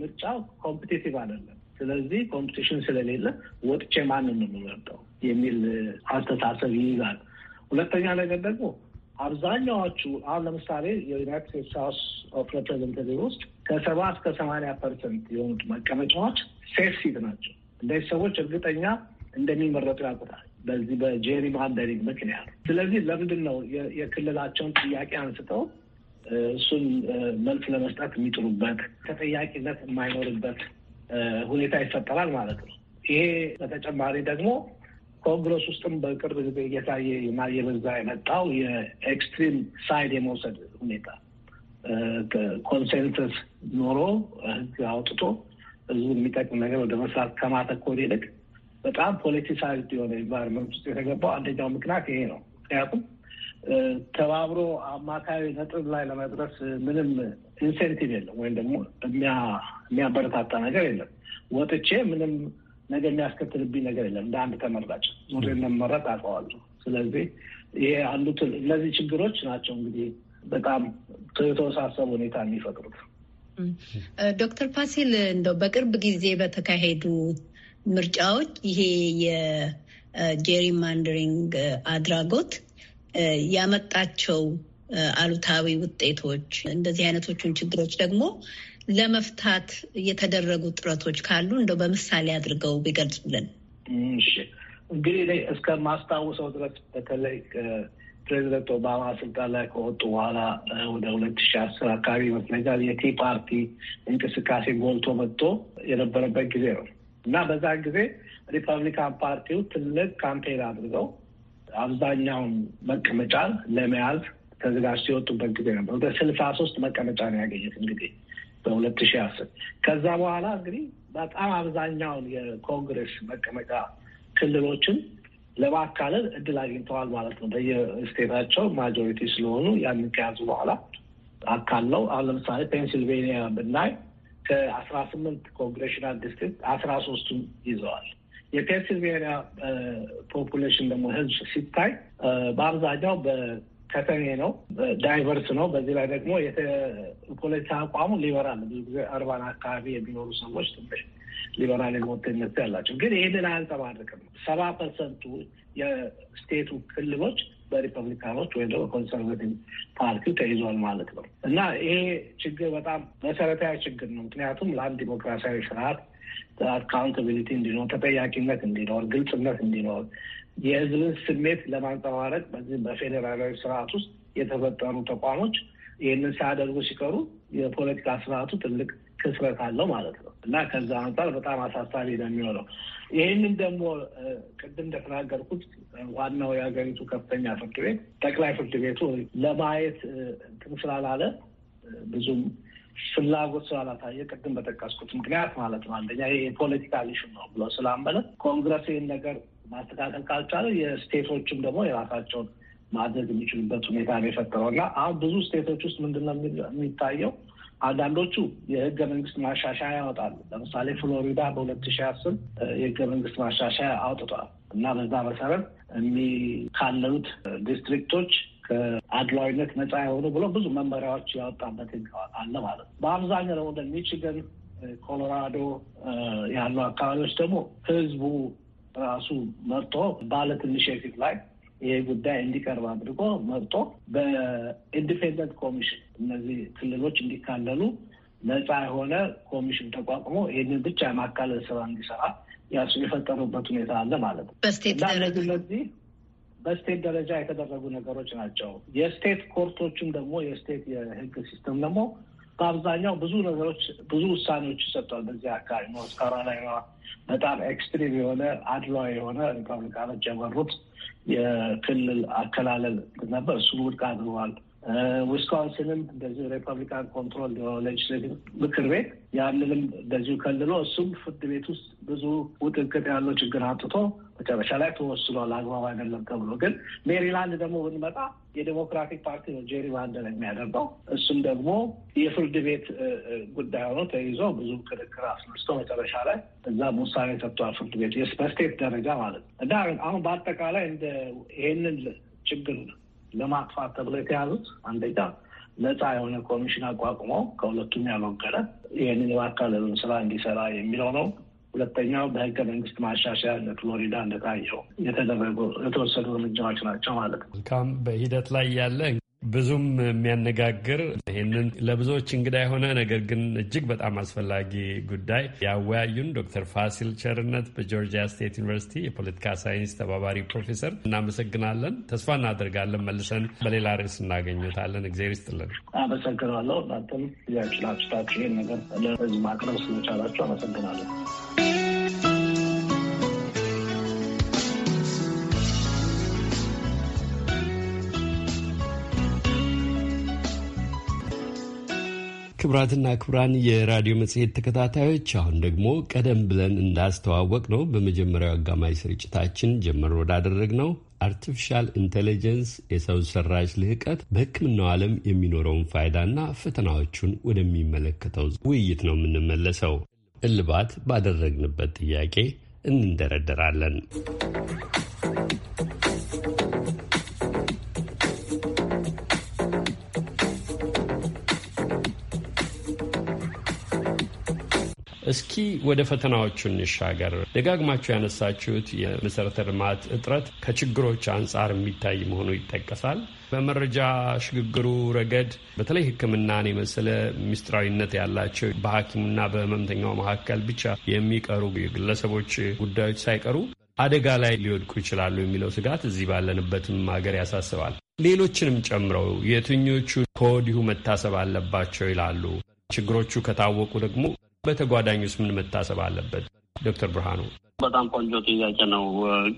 ምርጫ ኮምፒቴቲቭ አይደለም። ስለዚህ ኮምፒቴሽን ስለሌለ ወጥቼ ማንን ነው የምመርጠው የሚል አስተሳሰብ ይይዛል። ሁለተኛ ነገር ደግሞ አብዛኛዎቹ አሁን ለምሳሌ የዩናይትድ ስቴትስ ሀውስ ኦፍ ሬፕሬዘንታቲቭ ውስጥ ከሰባ እስከ ሰማንያ ፐርሰንት የሆኑት መቀመጫዎች ሴፍ ሲት ናቸው። እንደዚህ ሰዎች እርግጠኛ እንደሚመረጡ ያውቁታል። በዚህ በጄሪ ማንደሪንግ ምክንያት። ስለዚህ ለምንድን ነው የክልላቸውን ጥያቄ አንስተው እሱን መልስ ለመስጠት የሚጥሩበት ተጠያቂነት የማይኖርበት ሁኔታ ይፈጠራል ማለት ነው። ይሄ በተጨማሪ ደግሞ ኮንግረስ ውስጥም በቅርብ ጊዜ እየታየ የበዛ የመጣው የኤክስትሪም ሳይድ የመውሰድ ሁኔታ ኮንሴንሰስ ኖሮ ህግ አውጥቶ ህዝቡ የሚጠቅም ነገር ወደ መስራት ከማተኮር ይልቅ በጣም ፖለቲሳይዝድ የሆነ ኢንቫይሮንመንት ውስጥ የተገባው አንደኛው ምክንያት ይሄ ነው። ምክንያቱም ተባብሮ አማካዊ ነጥብ ላይ ለመድረስ ምንም ኢንሴንቲቭ የለም፣ ወይም ደግሞ የሚያበረታታ ነገር የለም። ወጥቼ ምንም ነገር የሚያስከትልብኝ ነገር የለም። እንደ አንድ ተመራጭ ዙር እንደመረጥ አውቀዋለሁ። ስለዚህ ይሄ አንዱ እነዚህ ችግሮች ናቸው እንግዲህ በጣም የተወሳሰብ ሁኔታ የሚፈጥሩት። ዶክተር ፓሲል እንደው በቅርብ ጊዜ በተካሄዱ ምርጫዎች ይሄ የጄሪ ማንደሪንግ አድራጎት ያመጣቸው አሉታዊ ውጤቶች፣ እንደዚህ አይነቶቹን ችግሮች ደግሞ ለመፍታት የተደረጉ ጥረቶች ካሉ እንደው በምሳሌ አድርገው ቢገልጹልን። እንግዲህ እስከ ማስታውሰው ድረስ በተለይ ፕሬዚደንት ኦባማ ስልጣን ላይ ከወጡ በኋላ ወደ ሁለት ሺህ አስር አካባቢ ይመስለኛል የቲ ፓርቲ እንቅስቃሴ ጎልቶ መጥቶ የነበረበት ጊዜ ነው እና በዛ ጊዜ ሪፐብሊካን ፓርቲው ትልቅ ካምፔን አድርገው አብዛኛውን መቀመጫ ለመያዝ ተዘጋጅቶ የወጡበት ጊዜ ነበር። ወደ ስልሳ ሶስት መቀመጫ ነው ያገኘት እንግዲህ በሁለት ሺህ አስር ከዛ በኋላ እንግዲህ በጣም አብዛኛውን የኮንግሬስ መቀመጫ ክልሎችን ለማካለል እድል አግኝተዋል ማለት ነው። በየስቴታቸው ማጆሪቲ ስለሆኑ ያንን ከያዙ በኋላ ነው። አሁን ለምሳሌ ፔንሲልቬኒያ ብናይ ከአስራ ስምንት ኮንግሬሽናል ዲስትሪክት አስራ ሶስቱን ይዘዋል። የፔንሲልቬኒያ ፖፑሌሽን ደግሞ ህዝብ ሲታይ በአብዛኛው በከተሜ ነው፣ ዳይቨርስ ነው። በዚህ ላይ ደግሞ የፖለቲካ አቋሙ ሊበራል ብዙ ጊዜ አርባን አካባቢ የሚኖሩ ሰዎች ትንሽ ሊበራል የመወደ መብት ያላቸው ግን ይህንን አያንጸባርቅም። ሰባ ፐርሰንቱ የስቴቱ ክልሎች በሪፐብሊካኖች ወይም ደግሞ ኮንሰርቬቲቭ ፓርቲ ተይዟል ማለት ነው እና ይሄ ችግር በጣም መሰረታዊ ችግር ነው። ምክንያቱም ለአንድ ዲሞክራሲያዊ ስርዓት አካውንታቢሊቲ እንዲኖር፣ ተጠያቂነት እንዲኖር፣ ግልጽነት እንዲኖር የህዝብን ስሜት ለማንጸባረቅ በዚህ በፌዴራላዊ ስርዓት ውስጥ የተፈጠሩ ተቋሞች ይህንን ሲያደርጉ ሲቀሩ የፖለቲካ ስርዓቱ ትልቅ ክስረት አለው ማለት ነው። እና ከዛ አንጻር በጣም አሳሳቢ ነው የሚሆነው። ይህንን ደግሞ ቅድም እንደተናገርኩት ዋናው የሀገሪቱ ከፍተኛ ፍርድ ቤት ጠቅላይ ፍርድ ቤቱ ለማየት እንትን ስላላለ ብዙም ፍላጎት ስላላሳየ ቅድም በጠቀስኩት ምክንያት ማለት ነው አንደኛ ይሄ የፖለቲካ ሊሽ ነው ብሎ ስላመለ ኮንግረስ ይህን ነገር ማስተካከል ካልቻለ የስቴቶችም ደግሞ የራሳቸውን ማድረግ የሚችሉበት ሁኔታ ነው የፈጠረው እና አሁን ብዙ ስቴቶች ውስጥ ምንድን ነው የሚታየው አንዳንዶቹ የህገ መንግስት ማሻሻያ ያወጣሉ። ለምሳሌ ፍሎሪዳ በሁለት ሺ አስር የህገ መንግስት ማሻሻያ አውጥቷል እና በዛ መሰረት የሚካለሉት ዲስትሪክቶች ከአድላዊነት ነፃ የሆኑ ብሎ ብዙ መመሪያዎች ያወጣበት ህግ አለ ማለት ነው። በአብዛኛው ደግሞ ወደ ሚችገን፣ ኮሎራዶ ያሉ አካባቢዎች ደግሞ ህዝቡ ራሱ መርጦ ባለ ትንሽ የፊት ላይ ይሄ ጉዳይ እንዲቀርብ አድርጎ መርጦ በኢንዲፔንደንት ኮሚሽን እነዚህ ክልሎች እንዲካለሉ ነፃ የሆነ ኮሚሽን ተቋቁሞ ይህንን ብቻ የማካለል ስራ እንዲሰራ ያሱ የፈጠሩበት ሁኔታ አለ ማለት ነው። እና በስቴት ደረጃ የተደረጉ ነገሮች ናቸው። የስቴት ኮርቶችም ደግሞ የስቴት የህግ ሲስተም ደግሞ በአብዛኛው ብዙ ነገሮች ብዙ ውሳኔዎች ይሰጥቷል። በዚህ አካባቢ ኖርት ካሮላይና በጣም ኤክስትሪም የሆነ አድሏ የሆነ ሪፐብሊካኖች የመሩት የክልል አከላለል ነበር። እሱን ውድቅ አድርጓል። ዊስኮንሲንም እንደዚሁ ሪፐብሊካን ኮንትሮል የሆነ ሌጅስሌቲቭ ምክር ቤት ያንንም እንደዚሁ ከልሎ እሱም ፍርድ ቤት ውስጥ ብዙ ውጥንቅጥ ያለው ችግር አጥቶ መጨረሻ ላይ ተወስኗል። አግባብ አይደለም ተብሎ ግን ሜሪላንድ ደግሞ ብንመጣ የዴሞክራቲክ ፓርቲ ነው ጄሪ ቫንደር የሚያደርገው። እሱም ደግሞ የፍርድ ቤት ጉዳይ ሆኖ ተይዞ ብዙ ክርክር አስነስቶ መጨረሻ ላይ እዛም ውሳኔ ሰጥቷል ፍርድ ቤት በስቴት ደረጃ ማለት ነው እና አሁን በአጠቃላይ እንደ ይሄንን ችግር ለማጥፋት ተብሎ የተያዙት አንደኛ ነፃ የሆነ ኮሚሽን አቋቁሞ ከሁለቱም ያልወገነ ይህንን የማካለሉን ስራ እንዲሰራ የሚለው ነው። ሁለተኛው በህገ መንግስት ማሻሻያ እንደ ፍሎሪዳ እንደታየው የተደረጉ የተወሰዱ እርምጃዎች ናቸው ማለት ነው። መልካም በሂደት ላይ ያለ ብዙም የሚያነጋግር ይህንን ለብዙዎች እንግዳ የሆነ ነገር ግን እጅግ በጣም አስፈላጊ ጉዳይ ያወያዩን ዶክተር ፋሲል ቸርነት በጆርጂያ ስቴት ዩኒቨርሲቲ የፖለቲካ ሳይንስ ተባባሪ ፕሮፌሰር እናመሰግናለን። ተስፋ እናደርጋለን መልሰን በሌላ ርዕስ እናገኘታለን። እግዜር ይስጥልን። አመሰግናለሁ። እናንተም ያችላችታችሁ ይህን ነገር ለህዝብ ማቅረብ ስለቻላችሁ አመሰግናለሁ። ክቡራትና ክቡራን የራዲዮ መጽሔት ተከታታዮች አሁን ደግሞ ቀደም ብለን እንዳስተዋወቅ ነው በመጀመሪያው አጋማሽ ስርጭታችን ጀምሮ ወዳደረግ ነው አርቲፊሻል ኢንቴሊጀንስ የሰው ሰራሽ ልህቀት በሕክምናው ዓለም የሚኖረውን ፋይዳና ፈተናዎቹን ወደሚመለከተው ውይይት ነው የምንመለሰው። እልባት ባደረግንበት ጥያቄ እንደረደራለን። እስኪ ወደ ፈተናዎቹ እንሻገር። ደጋግማችሁ ያነሳችሁት የመሰረተ ልማት እጥረት ከችግሮች አንጻር የሚታይ መሆኑ ይጠቀሳል። በመረጃ ሽግግሩ ረገድ በተለይ ሕክምናን የመሰለ ምስጢራዊነት ያላቸው በሐኪሙና በህመምተኛው መካከል ብቻ የሚቀሩ የግለሰቦች ጉዳዮች ሳይቀሩ አደጋ ላይ ሊወድቁ ይችላሉ የሚለው ስጋት እዚህ ባለንበትም ሀገር ያሳስባል። ሌሎችንም ጨምረው የትኞቹ ከወዲሁ መታሰብ አለባቸው ይላሉ? ችግሮቹ ከታወቁ ደግሞ በተጓዳኙስ ምን መታሰብ አለበት? ዶክተር ብርሃኑ በጣም ቆንጆ ጥያቄ ነው።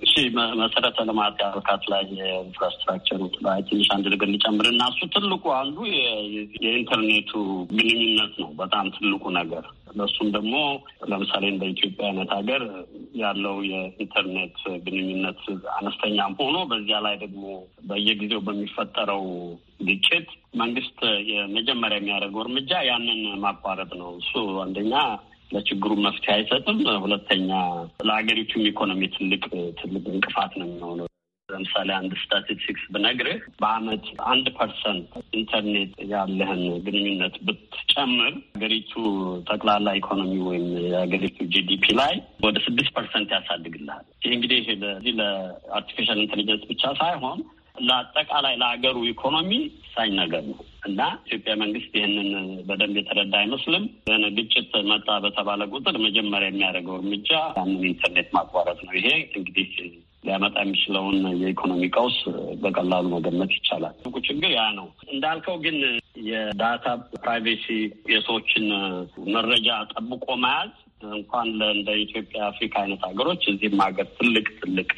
እሺ መሰረተ ልማት ያልካት ላይ የኢንፍራስትራክቸሩ ላይ ትንሽ አንድ ነገር እንጨምር እና እሱ ትልቁ አንዱ የኢንተርኔቱ ግንኙነት ነው። በጣም ትልቁ ነገር ለእሱም ደግሞ ለምሳሌ እንደ ኢትዮጵያ አይነት ሀገር ያለው የኢንተርኔት ግንኙነት አነስተኛም ሆኖ በዚያ ላይ ደግሞ በየጊዜው በሚፈጠረው ግጭት መንግስት የመጀመሪያ የሚያደርገው እርምጃ ያንን ማቋረጥ ነው። እሱ አንደኛ ለችግሩ መፍትሄ አይሰጥም። ሁለተኛ ለሀገሪቱም ኢኮኖሚ ትልቅ ትልቅ እንቅፋት ነው የሚሆነው። ለምሳሌ አንድ ስታቲስቲክስ ብነግርህ በአመት አንድ ፐርሰንት ኢንተርኔት ያለህን ግንኙነት ብትጨምር ሀገሪቱ ጠቅላላ ኢኮኖሚ ወይም የሀገሪቱ ጂዲፒ ላይ ወደ ስድስት ፐርሰንት ያሳድግልሃል። ይህ እንግዲህ ለዚህ ለአርቲፊሻል ኢንቴሊጀንስ ብቻ ሳይሆን ለአጠቃላይ ለሀገሩ ኢኮኖሚ ሳይ ነገር ነው። እና ኢትዮጵያ መንግስት ይህንን በደንብ የተረዳ አይመስልም። ግጭት መጣ በተባለ ቁጥር መጀመሪያ የሚያደርገው እርምጃ ያንን ኢንተርኔት ማቋረጥ ነው። ይሄ እንግዲህ ሊያመጣ የሚችለውን የኢኮኖሚ ቀውስ በቀላሉ መገመት ይቻላል። ትልቁ ችግር ያ ነው። እንዳልከው ግን የዳታ ፕራይቬሲ የሰዎችን መረጃ ጠብቆ መያዝ እንኳን እንደ ኢትዮጵያ አፍሪካ አይነት ሀገሮች እዚህም ሀገር ትልቅ ትልቅ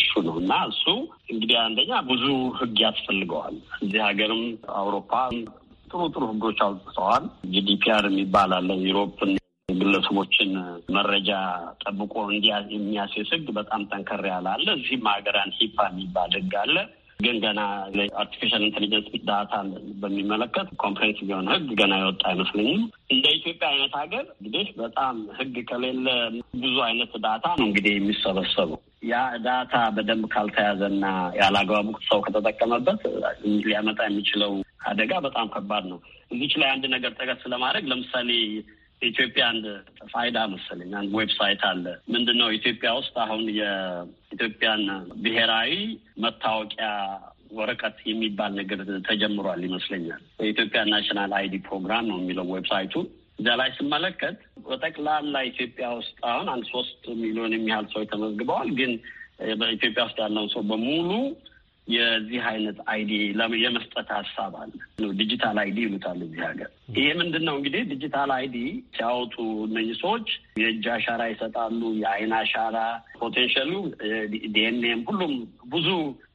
እሹ ነው እና እሱ እንግዲህ አንደኛ ብዙ ህግ ያስፈልገዋል። እዚህ ሀገርም አውሮፓ ጥሩ ጥሩ ህጎች አውጥተዋል። ጂዲፒአር የሚባል አለ ዩሮፕን ግለሰቦችን መረጃ ጠብቆ እንዲያ የሚያሴስ ህግ በጣም ጠንከር ያለ አለ። እዚህም ሀገራን ሂፓ የሚባል ህግ አለ። ግን ገና አርቲፊሻል ኢንቴሊጀንስ ዳታ በሚመለከት ኮምፕሬንስ የሆነ ህግ ገና የወጣ አይመስለኝም። እንደ ኢትዮጵያ አይነት ሀገር እንግዲህ በጣም ህግ ከሌለ ብዙ አይነት ዳታ ነው እንግዲህ የሚሰበሰቡ ያ ዳታ በደንብ ካልተያዘና ያለአግባቡ ሰው ከተጠቀመበት ሊያመጣ የሚችለው አደጋ በጣም ከባድ ነው። እዚች ላይ አንድ ነገር ጠቀስ ለማድረግ ለምሳሌ ኢትዮጵያ አንድ ፋይዳ መሰለኝ አንድ ዌብሳይት አለ። ምንድን ነው ኢትዮጵያ ውስጥ አሁን የኢትዮጵያን ብሔራዊ መታወቂያ ወረቀት የሚባል ነገር ተጀምሯል ይመስለኛል። የኢትዮጵያ ናሽናል አይዲ ፕሮግራም ነው የሚለው ዌብሳይቱ። እዚያ ላይ ስመለከት በጠቅላላ ኢትዮጵያ ውስጥ አሁን አንድ ሶስት ሚሊዮን የሚያህል ሰው ተመዝግበዋል። ግን በኢትዮጵያ ውስጥ ያለውን ሰው በሙሉ የዚህ አይነት አይዲ የመስጠት ሀሳብ አለ። ዲጂታል አይዲ ይሉታል እዚህ ሀገር። ይሄ ምንድን ነው እንግዲህ ዲጂታል አይዲ ሲያወጡ እነዚህ ሰዎች የእጅ አሻራ ይሰጣሉ፣ የአይን አሻራ፣ ፖቴንሻሉ ዲኤንኤም፣ ሁሉም ብዙ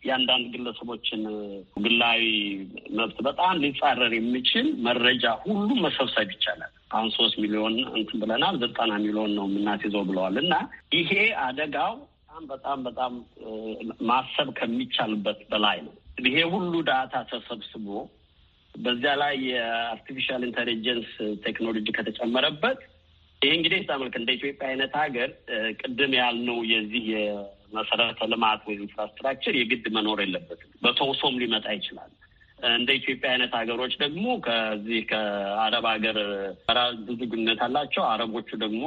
የአንዳንድ ግለሰቦችን ግላዊ መብት በጣም ሊጻረር የሚችል መረጃ ሁሉ መሰብሰብ ይቻላል። አሁን ሶስት ሚሊዮን እንትን ብለናል፣ ዘጠና ሚሊዮን ነው የምናስይዘው ብለዋል እና ይሄ አደጋው በጣም በጣም በጣም ማሰብ ከሚቻልበት በላይ ነው። ይሄ ሁሉ ዳታ ተሰብስቦ በዚያ ላይ የአርቲፊሻል ኢንተሊጀንስ ቴክኖሎጂ ከተጨመረበት ይህ እንግዲህ ታመልክ እንደ ኢትዮጵያ አይነት ሀገር ቅድም ያልነው የዚህ የመሰረተ ልማት ወይ ኢንፍራስትራክቸር የግድ መኖር የለበትም። በተውሶም ሊመጣ ይችላል። እንደ ኢትዮጵያ አይነት ሀገሮች ደግሞ ከዚህ ከአረብ ሀገር ራ ብዙ ግንኙነት አላቸው። አረቦቹ ደግሞ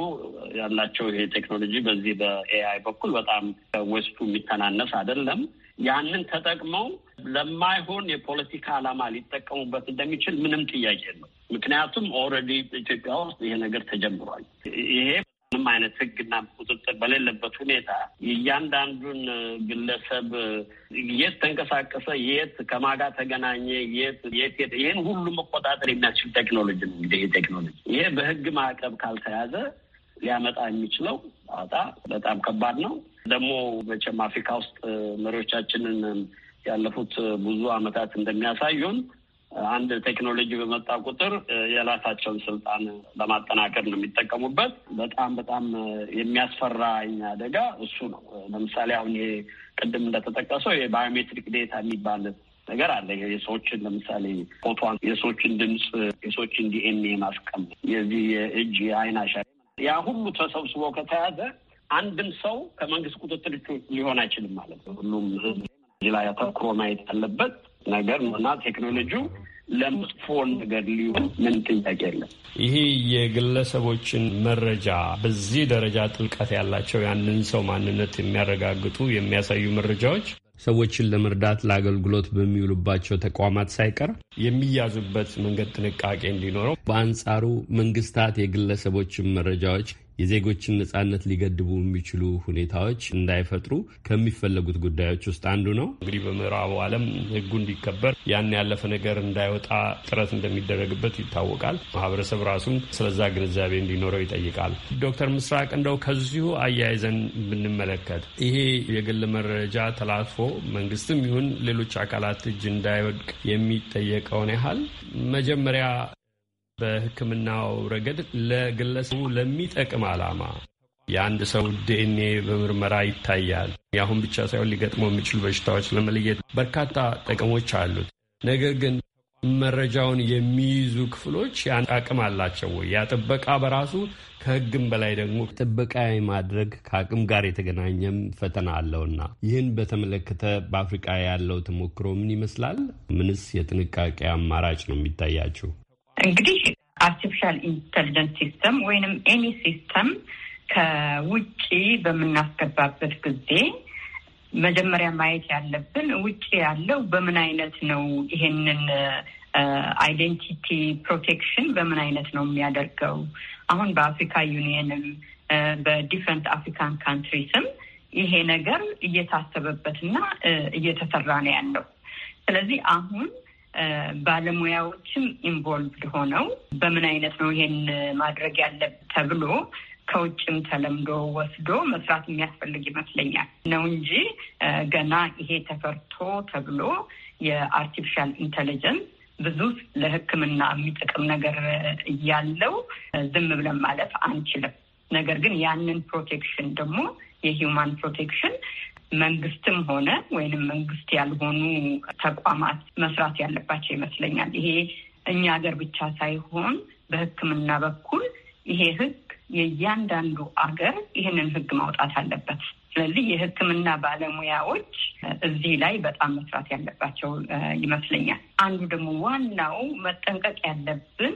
ያላቸው ይሄ ቴክኖሎጂ በዚህ በኤአይ በኩል በጣም ከዌስቱ የሚተናነስ አይደለም። ያንን ተጠቅመው ለማይሆን የፖለቲካ ዓላማ ሊጠቀሙበት እንደሚችል ምንም ጥያቄ ነው። ምክንያቱም ኦልሬዲ ኢትዮጵያ ውስጥ ይሄ ነገር ተጀምሯል። ይሄ ምንም አይነት ህግና ቁጥጥር በሌለበት ሁኔታ እያንዳንዱን ግለሰብ የት ተንቀሳቀሰ፣ የት ከማጋ ተገናኘ፣ የት የት ይህን ሁሉ መቆጣጠር የሚያስችል ቴክኖሎጂ ነው። እንግዲህ ይህ ቴክኖሎጂ ይሄ በህግ ማዕቀብ ካልተያዘ ሊያመጣ የሚችለው አጣ በጣም ከባድ ነው። ደግሞ መቼም አፍሪካ ውስጥ መሪዎቻችንን ያለፉት ብዙ አመታት እንደሚያሳዩን አንድ ቴክኖሎጂ በመጣ ቁጥር የራሳቸውን ስልጣን ለማጠናከር ነው የሚጠቀሙበት። በጣም በጣም የሚያስፈራኝ አደጋ እሱ ነው። ለምሳሌ አሁን ይሄ ቅድም እንደተጠቀሰው የባዮሜትሪክ ዴታ የሚባል ነገር አለ። የሰዎችን ለምሳሌ ፎቶን፣ የሰዎችን ድምፅ፣ የሰዎችን ዲኤንኤ ማስቀመጥ የዚህ የእጅ የአይን አሻራ ያ ሁሉ ተሰብስቦ ከተያዘ አንድም ሰው ከመንግስት ቁጥጥር ሊሆን አይችልም ማለት ነው። ሁሉም ህዝብ ላይ አተኩሮ ማየት አለበት። ነገር ነው እና ቴክኖሎጂው ለመጥፎ ነገር ሊሆን ምን ጥያቄ የለም። ይሄ የግለሰቦችን መረጃ በዚህ ደረጃ ጥልቀት ያላቸው ያንን ሰው ማንነት የሚያረጋግጡ የሚያሳዩ መረጃዎች ሰዎችን ለመርዳት ለአገልግሎት በሚውሉባቸው ተቋማት ሳይቀር የሚያዙበት መንገድ ጥንቃቄ እንዲኖረው፣ በአንጻሩ መንግስታት የግለሰቦችን መረጃዎች የዜጎችን ነጻነት ሊገድቡ የሚችሉ ሁኔታዎች እንዳይፈጥሩ ከሚፈለጉት ጉዳዮች ውስጥ አንዱ ነው። እንግዲህ በምዕራቡ ዓለም ሕጉ እንዲከበር ያን ያለፈ ነገር እንዳይወጣ ጥረት እንደሚደረግበት ይታወቃል። ማህበረሰብ ራሱም ስለዛ ግንዛቤ እንዲኖረው ይጠይቃል። ዶክተር ምስራቅ እንደው ከዚሁ አያይዘን ብንመለከት ይሄ የግል መረጃ ተላልፎ መንግስትም ይሁን ሌሎች አካላት እጅ እንዳይወድቅ የሚጠየቀውን ያህል መጀመሪያ በሕክምናው ረገድ ለግለሰቡ ለሚጠቅም ዓላማ የአንድ ሰው ዲኤንኤ በምርመራ ይታያል። ያሁን ብቻ ሳይሆን ሊገጥሙ የሚችሉ በሽታዎች ለመለየት በርካታ ጥቅሞች አሉት። ነገር ግን መረጃውን የሚይዙ ክፍሎች ያን አቅም አላቸው ወይ? ያ ጥበቃ በራሱ ከህግም በላይ ደግሞ ጥበቃ ማድረግ ከአቅም ጋር የተገናኘም ፈተና አለውና ይህን በተመለከተ በአፍሪቃ ያለው ተሞክሮ ምን ይመስላል? ምንስ የጥንቃቄ አማራጭ ነው የሚታያችው? እንግዲህ አርቲፊሻል ኢንተሊጀንስ ሲስተም ወይንም ኤኒ ሲስተም ከውጭ በምናስገባበት ጊዜ መጀመሪያ ማየት ያለብን ውጭ ያለው በምን አይነት ነው ይሄንን አይዴንቲቲ ፕሮቴክሽን በምን አይነት ነው የሚያደርገው? አሁን በአፍሪካ ዩኒየንም በዲፍረንት አፍሪካን ካንትሪስም ይሄ ነገር እየታሰበበትና እየተሰራ ነው ያለው። ስለዚህ አሁን ባለሙያዎችም ኢንቮልቭድ ሆነው በምን አይነት ነው ይሄን ማድረግ ያለ ተብሎ ከውጭም ተለምዶ ወስዶ መስራት የሚያስፈልግ ይመስለኛል ነው እንጂ ገና ይሄ ተፈርቶ ተብሎ የአርቲፊሻል ኢንቴሊጀንስ ብዙ ለሕክምና የሚጠቅም ነገር እያለው ዝም ብለን ማለፍ አንችልም። ነገር ግን ያንን ፕሮቴክሽን ደግሞ የሂውማን ፕሮቴክሽን መንግስትም ሆነ ወይንም መንግስት ያልሆኑ ተቋማት መስራት ያለባቸው ይመስለኛል። ይሄ እኛ ሀገር ብቻ ሳይሆን በሕክምና በኩል ይሄ ህግ የእያንዳንዱ አገር ይህንን ህግ ማውጣት አለበት። ስለዚህ የሕክምና ባለሙያዎች እዚህ ላይ በጣም መስራት ያለባቸው ይመስለኛል። አንዱ ደግሞ ዋናው መጠንቀቅ ያለብን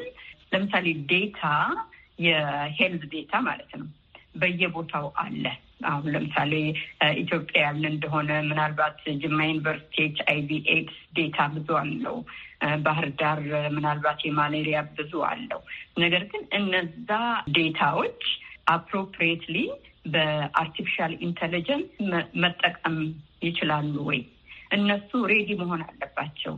ለምሳሌ ዴታ የሄልዝ ዴታ ማለት ነው በየቦታው አለ። አሁን ለምሳሌ ኢትዮጵያ ያለ እንደሆነ ምናልባት ጅማ ዩኒቨርሲቲ ኤች አይ ቪ ኤድስ ዴታ ብዙ አለው። ባህር ዳር ምናልባት የማሌሪያ ብዙ አለው። ነገር ግን እነዛ ዴታዎች አፕሮፕሪየትሊ በአርቲፊሻል ኢንቴሊጀንስ መጠቀም ይችላሉ ወይ? እነሱ ሬዲ መሆን አለባቸው።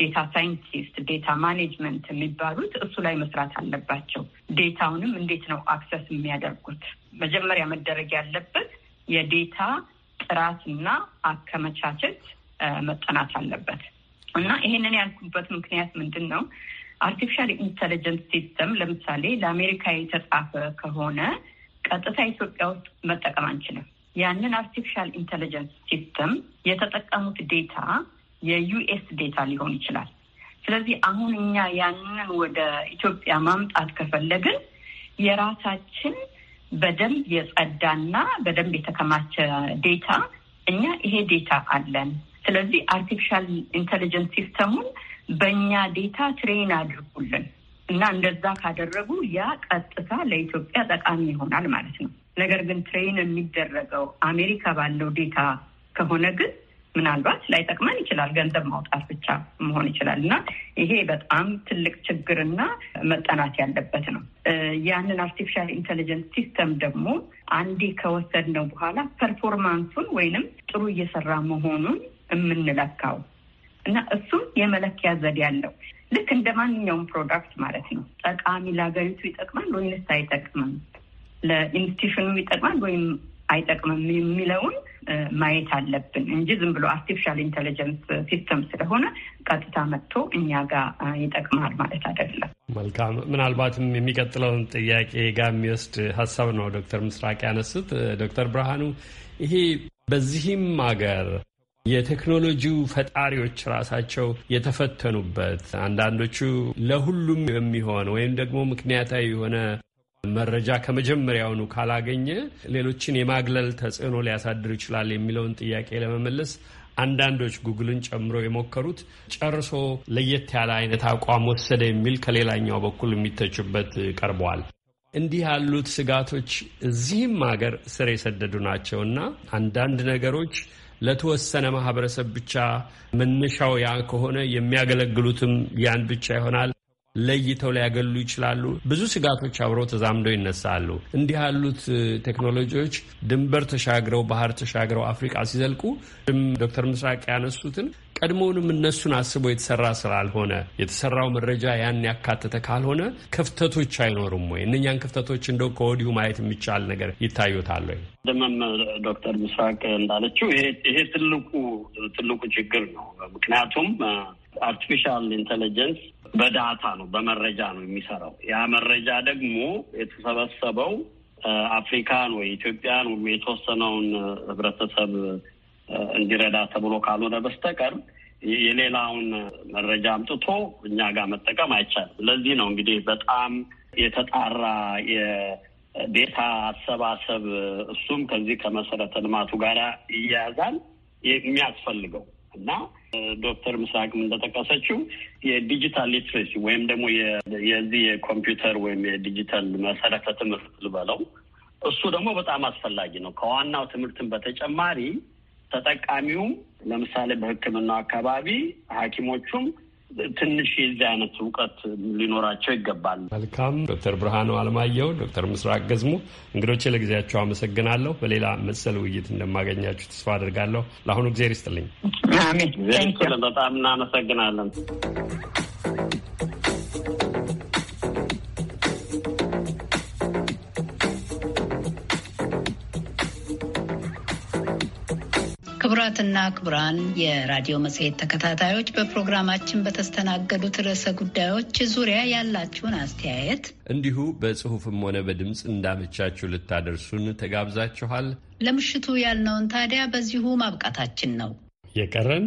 ዴታ ሳይንቲስት፣ ዴታ ማኔጅመንት የሚባሉት እሱ ላይ መስራት አለባቸው። ዴታውንም እንዴት ነው አክሰስ የሚያደርጉት? መጀመሪያ መደረግ ያለበት የዴታ ጥራትና አከመቻቸት መጠናት አለበት እና ይሄንን ያልኩበት ምክንያት ምንድን ነው? አርቲፊሻል ኢንተለጀንስ ሲስተም ለምሳሌ ለአሜሪካ የተጻፈ ከሆነ ቀጥታ ኢትዮጵያ ውስጥ መጠቀም አንችልም። ያንን አርቲፊሻል ኢንቴሊጀንስ ሲስተም የተጠቀሙት ዴታ የዩኤስ ዴታ ሊሆን ይችላል። ስለዚህ አሁን እኛ ያንን ወደ ኢትዮጵያ ማምጣት ከፈለግን የራሳችን በደንብ የጸዳና በደንብ የተከማቸ ዴታ እኛ ይሄ ዴታ አለን። ስለዚህ አርቲፊሻል ኢንቴሊጀንስ ሲስተሙን በእኛ ዴታ ትሬን አድርጉልን እና እንደዛ ካደረጉ ያ ቀጥታ ለኢትዮጵያ ጠቃሚ ይሆናል ማለት ነው። ነገር ግን ትሬን የሚደረገው አሜሪካ ባለው ዴታ ከሆነ ግን ምናልባት ላይጠቅመን ይችላል። ገንዘብ ማውጣት ብቻ መሆን ይችላል እና ይሄ በጣም ትልቅ ችግርና መጠናት ያለበት ነው። ያንን አርቲፊሻል ኢንቴሊጀንስ ሲስተም ደግሞ አንዴ ከወሰድነው በኋላ ፐርፎርማንሱን ወይንም ጥሩ እየሰራ መሆኑን የምንለካው እና እሱም የመለኪያ ዘዴ ያለው ልክ እንደ ማንኛውም ፕሮዳክት ማለት ነው። ጠቃሚ ለሀገሪቱ ይጠቅማል ወይንስ አይጠቅምም ለኢንስቲቱሽኑ ይጠቅማል ወይም አይጠቅምም የሚለውን ማየት አለብን እንጂ ዝም ብሎ አርቲፊሻል ኢንቴሊጀንስ ሲስተም ስለሆነ ቀጥታ መጥቶ እኛ ጋር ይጠቅማል ማለት አይደለም። መልካም። ምናልባትም የሚቀጥለውን ጥያቄ ጋር የሚወስድ ሀሳብ ነው ዶክተር ምስራቅ ያነሱት። ዶክተር ብርሃኑ ይሄ በዚህም አገር የቴክኖሎጂው ፈጣሪዎች ራሳቸው የተፈተኑበት አንዳንዶቹ ለሁሉም የሚሆን ወይም ደግሞ ምክንያታዊ የሆነ መረጃ ከመጀመሪያውኑ ካላገኘ ሌሎችን የማግለል ተጽዕኖ ሊያሳድር ይችላል የሚለውን ጥያቄ ለመመለስ አንዳንዶች ጉግልን ጨምሮ የሞከሩት ጨርሶ ለየት ያለ አይነት አቋም ወሰደ የሚል ከሌላኛው በኩል የሚተችበት ቀርበዋል። እንዲህ ያሉት ስጋቶች እዚህም ሀገር ስር የሰደዱ ናቸው እና አንዳንድ ነገሮች ለተወሰነ ማህበረሰብ ብቻ መነሻው ያ ከሆነ የሚያገለግሉትም ያን ብቻ ይሆናል። ለይተው ሊያገሉ ይችላሉ። ብዙ ስጋቶች አብረው ተዛምደው ይነሳሉ። እንዲህ ያሉት ቴክኖሎጂዎች ድንበር ተሻግረው ባህር ተሻግረው አፍሪቃ ሲዘልቁ ዶክተር ምስራቅ ያነሱትን ቀድሞውንም እነሱን አስቦ የተሰራ ስላልሆነ የተሰራው መረጃ ያን ያካተተ ካልሆነ ክፍተቶች አይኖሩም ወይ? እነኛን ክፍተቶች እንደው ከወዲሁ ማየት የሚቻል ነገር ይታዩታል ወይ? ደመም ዶክተር ምስራቅ እንዳለችው ይሄ ትልቁ ትልቁ ችግር ነው። ምክንያቱም አርቲፊሻል uh, ኢንቴሊጀንስ በዳታ ነው፣ በመረጃ ነው የሚሰራው። ያ መረጃ ደግሞ የተሰበሰበው አፍሪካን ወይ ኢትዮጵያን ወይም የተወሰነውን ህብረተሰብ እንዲረዳ ተብሎ ካልሆነ በስተቀር የሌላውን መረጃ አምጥቶ እኛ ጋር መጠቀም አይቻልም። ለዚህ ነው እንግዲህ በጣም የተጣራ የዴታ አሰባሰብ እሱም ከዚህ ከመሰረተ ልማቱ ጋር ይያያዛል የሚያስፈልገው እና ዶክተር ምስራቅም እንደጠቀሰችው የዲጂታል ሊትሬሲ ወይም ደግሞ የዚህ የኮምፒውተር ወይም የዲጂታል መሰረተ ትምህርት ልበለው እሱ ደግሞ በጣም አስፈላጊ ነው። ከዋናው ትምህርትን በተጨማሪ ተጠቃሚውም ለምሳሌ በሕክምናው አካባቢ ሐኪሞቹም ትንሽ የዚህ አይነት እውቀት ሊኖራቸው ይገባል። መልካም ዶክተር ብርሃኑ አለማየሁ፣ ዶክተር ምስራቅ ገዝሙ እንግዶቼ ለጊዜያቸው አመሰግናለሁ። በሌላ መሰል ውይይት እንደማገኛችሁ ተስፋ አድርጋለሁ። ለአሁኑ እግዜር ይስጥልኝ። በጣም እናመሰግናለን። ክቡራትና ክቡራን የራዲዮ መጽሔት ተከታታዮች በፕሮግራማችን በተስተናገዱት ርዕሰ ጉዳዮች ዙሪያ ያላችሁን አስተያየት እንዲሁ በጽሑፍም ሆነ በድምፅ እንዳመቻችሁ ልታደርሱን ተጋብዛችኋል። ለምሽቱ ያልነውን ታዲያ በዚሁ ማብቃታችን ነው የቀረን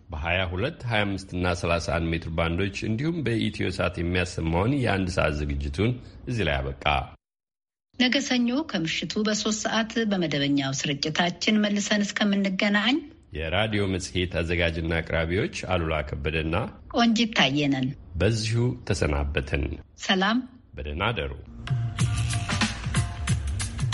በ22፣ 25 እና 31 ሜትር ባንዶች እንዲሁም በኢትዮ ሳት የሚያሰማውን የአንድ ሰዓት ዝግጅቱን እዚህ ላይ አበቃ። ነገ ሰኞ ከምሽቱ በሶስት ሰዓት በመደበኛው ስርጭታችን መልሰን እስከምንገናኝ የራዲዮ መጽሔት አዘጋጅና አቅራቢዎች አሉላ ከበደና ቆንጂት ታየነን በዚሁ ተሰናበትን። ሰላም፣ በደህና አደሩ።